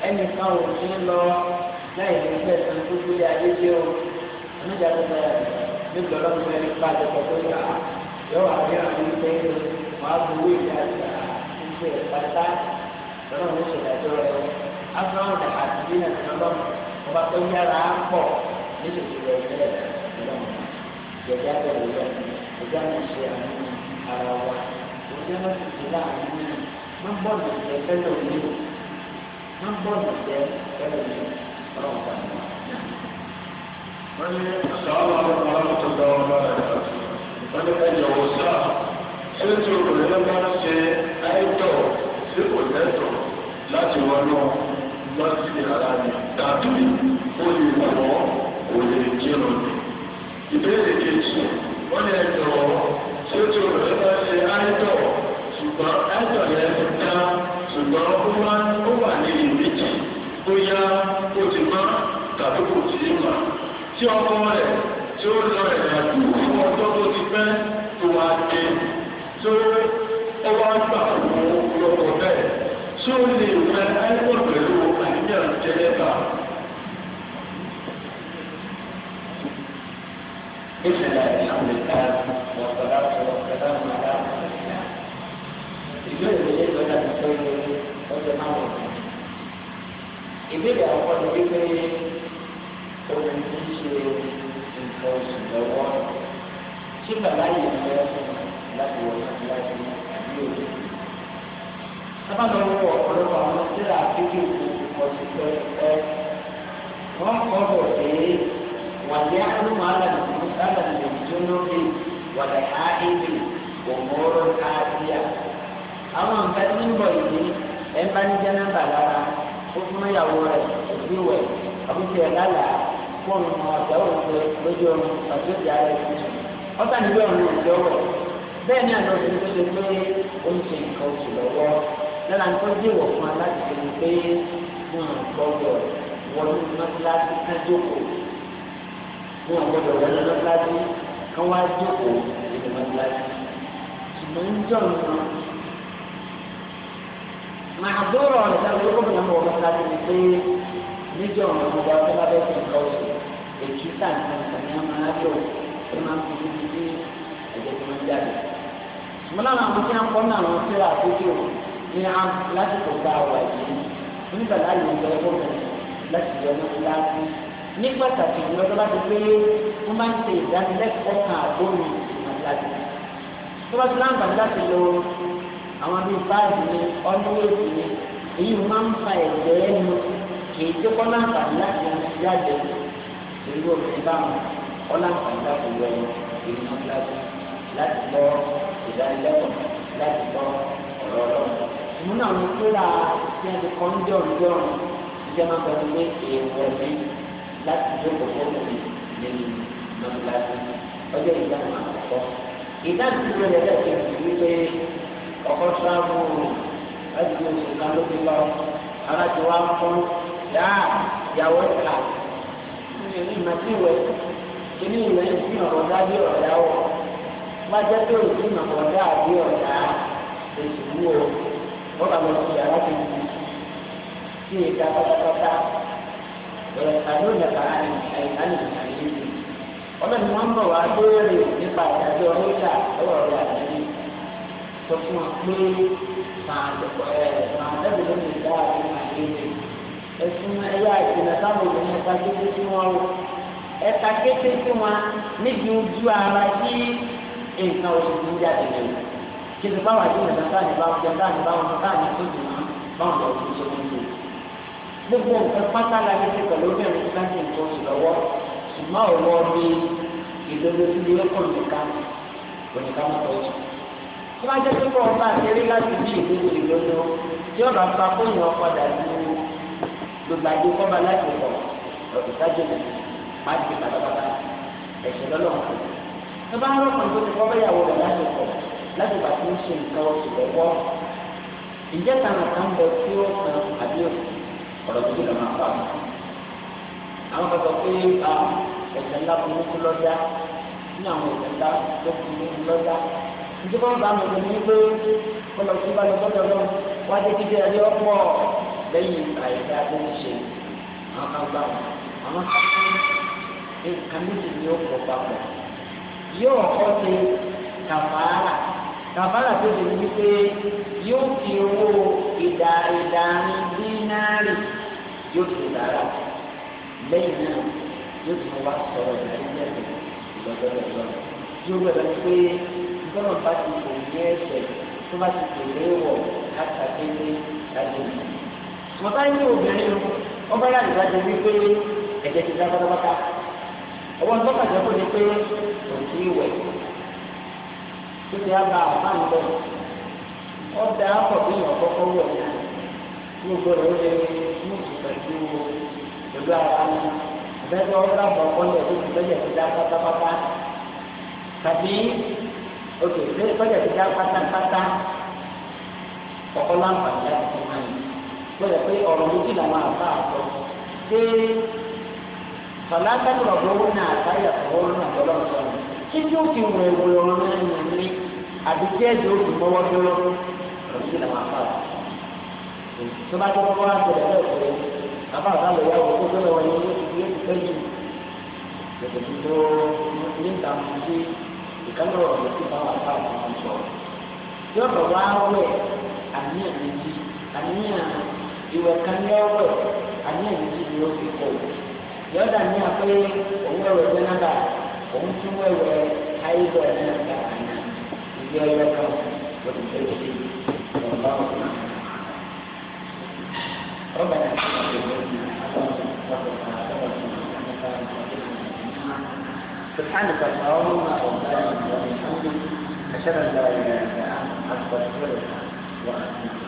ò ní lọ láì ní fẹ́ tó tó tó yẹ adé o oníjà tó bẹ̀rẹ̀ nígbà ọlọ́run yọ̀wọ̀ àbí àwọn ìgbẹ́ wọn á gbowó ìyá ìgbà ìgbẹ́ pátá lọ́nà ní ìṣèdájọ́ rẹ̀ afúnáwọn dàgbà àti bí náà tẹ̀lé ọlọ́mù ọba tó yára á pọ̀ ní ìṣèjọba ìbílẹ̀ ọlọ́mù ìjọba bẹ̀rẹ̀ lọ ìjọba náà ṣe àwọn ara wa ìjọba náà ti ṣe láàrin ní má bọ́ọ̀lù ìjẹ fẹ́lẹ̀ òní o má bọ́ọ̀lù ìjẹ fẹ́lẹ̀ òní ọlọ́mù kan. wọ́n ní àṣà àwọn wọ́n ní ẹ jọ̀wọ́ sá ṣé tí obìnrin náà máa ń ṣe àìtọ́ sí kò lẹ́tọ̀ láti wọnú lọ́sí ara mi tàbí ó lè wọ́ kò lè kírun mi. ìbéèrè kejì wọ́n ní ẹ jọ̀wọ́ ṣé tí obìnrin náà ṣe àìtọ́ ṣùgbọ́n àìtọ́ yẹn ti dá ṣùgbọ́n ó máa ń wà ní ìmíjì bóyá ó ti má tàbí kò tí ì mà tí ọkọ rẹ̀ tí ó lọ ẹ̀ wá dé tó ó wá gbà fún lọ́kọ̀ bẹ́ẹ̀ tó lè fẹ́ ẹ̀kọ́ pẹ̀lú àníyàn jẹ́lẹ́bà. بسم الله الحمد لله والصلاة والسلام على رسول الله. ìbéèrè yìí lọ́dà tó pé ọjọ́ náà wọ̀ ọ́. ìbéèrè àwọn ọmọdé wípé omi ti ṣe nǹkan oṣù lọ́wọ́ ṣé bàbá yìí ń bẹ́ẹ̀ fún mi láti wọ láti ní àbí òde. sábàbí wọ ọ̀pọ̀lọpọ̀ àwọn sílẹ̀ àkéwì ọ̀sùnkọ̀ ẹ̀ wọ́n kọ́ bọ̀ pé wà ní àlùmọ́ alàlùmọ́ tó lókè wà lẹ̀ á ébi òmòrò káàdíà. àwọn nǹkan tí ń bọ̀ yìí ẹ̀ ń bá ní jẹ́ nọ́mbà lára ó fún ìyàwó rẹ̀ òbí wẹ̀ àbúté ẹ̀ lálàá fóònù àgbà òun lójú ọ̀run àti òbí ara ẹ̀ tuntun ọ̀tá nígbà òun ò lọ́wọ́ bẹ́ẹ̀ ni àná òfin tó ṣe pé ó ń ṣe nǹkan oṣù lọ́wọ́ lára nǹkan dèwọ̀ fún aláti ṣe ni pé wọn gbọ́dọ̀ wọnú mọ́tíláṣí kan jókòó wọn gbọ́dọ̀ wọnú mọ́tíláṣí kan wá jókòó nínú mọ́tíláṣí ṣùgbọ́n ń jọ̀ nínú màá dọ́rọ̀ ọ̀sán olókùn náà wọ mọ́tíláṣí ni pé níjọ́ ọ̀nà ọ̀gbọ́n tó bá bẹ́ẹ̀ ṣe nǹkan oṣù èkìtà nǹkan ìsàmì ó máa àwọn tí wọ́n kọ́ ní àwọn tí wọ́n ní à lásìkò tá a wà yìí nígbà láàyè ìjọ ẹgbẹ́ mi láti yọ ọmọ ìlà sí. ní pàtàkì ìlú ọdọ́ bá pé wọ́n máa ń ṣe ìdánilẹ́kọ̀ọ́ kan àgbóni àgbàdo. tó bá ti láǹfààní láti lo àwọn bíi báàgì ni ọ́núwèsì ni èyí máa ń fa ẹ̀jẹ̀ ẹnu kì í tó kọ́ láǹfààní láti jáde ìlú òmìnira wọn ọlá àgbà ìwé ìlú ńláṣẹ láti gbọ́ ìdánilẹ́kọ̀ọ́ láti gbọ́ ọ̀rọ̀ ọlọ́run. ìmúnà àwọn ìtura tí a ti kọ́ ń jẹ́ òǹjẹ́ ọ̀run ìjẹ́ máa bẹ̀rù pé èèwọ̀ ẹ̀mí láti jókòó fóònù nínú mọ́tíláṣí ọjọ́ ìdáhùn àkọ́kọ́. ìdáhùn tí wọ́n lẹ́lẹ́ kí n fi pé ọkọ̀ sáàmù láti fi oṣù kan ló ti lọ ara wá fún yàrá ìyàwó ìka ìrìn ìmọ̀ ìwẹ̀ kíní ìwé ìsìn ọ̀dá bí ọ̀dá wọ̀ má jẹ́ pé ìsìn ọ̀dá bí ọ̀dá èsì wú o wọ́n kà lọ sí yàrá tó di sí ìka pátápátá ẹ̀ àdó ìjàpá àìsàn ìsàlẹ̀ yìí ọlọ́ni wọn bọ̀ wá lórí nípa ìdájọ́ ọlọ́jà lọ́wọ́ rẹ̀ àdéhùn sọ fún wọn pé màá dẹ́gbẹ̀ẹ́ lórí ìdá àdéhùn àdéhùn ẹ̀sùn ẹ̀yà ìpìlẹ̀ sáwọn òbí nípa tó tó tí wọ́n rò ẹ̀ka kété sí wọn níbi ojú ara tí nǹkan oṣù tó ń jáde lẹ́yìn kí ló bá wà ní ìrìnà táàní bá wọn jẹ táàní bá wọn táàní tó dùn wọn báwọn lọ sí ìṣòro ìlú gbogbo nǹkan pátá la ní ti pẹ̀lú obìnrin tí láti nǹkan oṣù lọ́wọ́ ṣùgbọ́n ọ̀wọ́ bí ìdólóṣù ló kọ̀ nìkan ònìkan mọ́tò ọ̀ṣù tó bá jẹ́ pé wọ́n bá ṣeré láti bí ìdólóṣù ìdólóṣù tí ọ̀nà àpapọ̀ ìwọ̀n padà ní gbogbo àdékọ́ba láti pọ̀ ọ̀dùnkájọ́ nìkan máa ti pátápátá ẹ̀sìn lọ́lọ́mọ. tó bá ń rọ́pò tó ti kọ́ bẹ́yàwó rẹ̀ láti kọ̀ láti bá tó ń ṣe nǹkan oṣù lọ́wọ́ ìjẹ́ kan kan bẹ tí ó kan àbí ọ̀rọ̀ tó dùn máa fà mọ́. àwọn kan sọ pé ẹ̀sẹ̀ ńlá fún mi lọ́jà ní àwọn ẹ̀sẹ̀ ńlá tó fún mi lọ́jà ìjọba ń bá mi lò ní pé kó lọ sí balẹ̀ gbọ́dọ̀ lọ wá kíkẹ́ ẹ̀rí ọ̀pọ̀ lẹ́yìn àìsí àti ìṣe àwọn kan gbà wọn nǹkan méjì ni ó pọ̀ papọ̀ yóò kọ́ ṣe kàfàárà kàfàárà tó ṣe wípé yóò fi owó ìdá ìdárin dínárì yóò fi dára lẹ́yìn náà yóò fi wá sọ̀rọ̀ ìdáríjẹ́ ìlọ́dọ́dọ́dọ́ yóò rẹ̀ pé gbọ́dọ̀ bá ti kò ní ẹsẹ̀ tó bá ti kò léwọ̀ látàkéde láti mú. mọ̀tá ní obìnrin ọba láti dájọ́ wípé ẹ̀jẹ̀ ti dá pátápátá ọwọ́ tọ́ka jẹ́ kó ní pé kò sí ìwẹ̀ tó ti á ba ọ̀pá ń bọ̀ ọ̀dà pọ̀ bí ìwọ̀n kọ́kọ́ wọ̀ ní gbogbo rẹ̀ ó lè mú pẹ̀lú pẹ̀lú ara ní abẹ́rẹ́ ọ̀dà pọ̀ kọ́lẹ̀ tó ti bẹ́yẹ̀ ti dá pátápátá tàbí òkè lẹ́yìn bẹ́yẹ̀ ti dá pátápátá ọ̀kọ́ láǹfààní láti fi hàn yìí pé ọ̀rọ̀ méjì làwọn àbá àtọ́ ṣé fàlà àtàkùn ọ̀gbọ́n náà àtàyà fọwọ́ náà lọ́wọ́ sọ̀rọ̀ kí ni ó fi wọ ewu ọ̀rọ̀ náà yẹn ní àbí tí ẹ̀jẹ̀ ó fi mọ́wọ́ dúró òṣìṣẹ́ làwọn afá tó bá tó kọ́kọ́ wá bẹ̀rẹ̀ bẹ́ẹ̀ pé bàbá àbá lè yá owó tó lọ́wọ́ yẹn ó ti yé ti tẹ́jú lọ́sẹ̀ tó ní ìdààmú sí ìkálọ̀ ọ̀rọ̀ tí bàbá àbá àwọn sọ yọ̀bọ̀ wá wẹ̀ àníyàn méjì yọ̀ọ́dà ní àpé òun ẹ̀wẹ̀ ẹ̀wẹ̀ náà òun tún wẹ̀wẹ̀ ayébọ̀ ẹ̀ náà gbà àná ìgbé ọyọ kan olùgbé sí ọ̀gá ọ̀gá. ربنا سبحانك اللهم وبحمدك أشهد أن لا إله إلا أنت أستغفرك وأتوب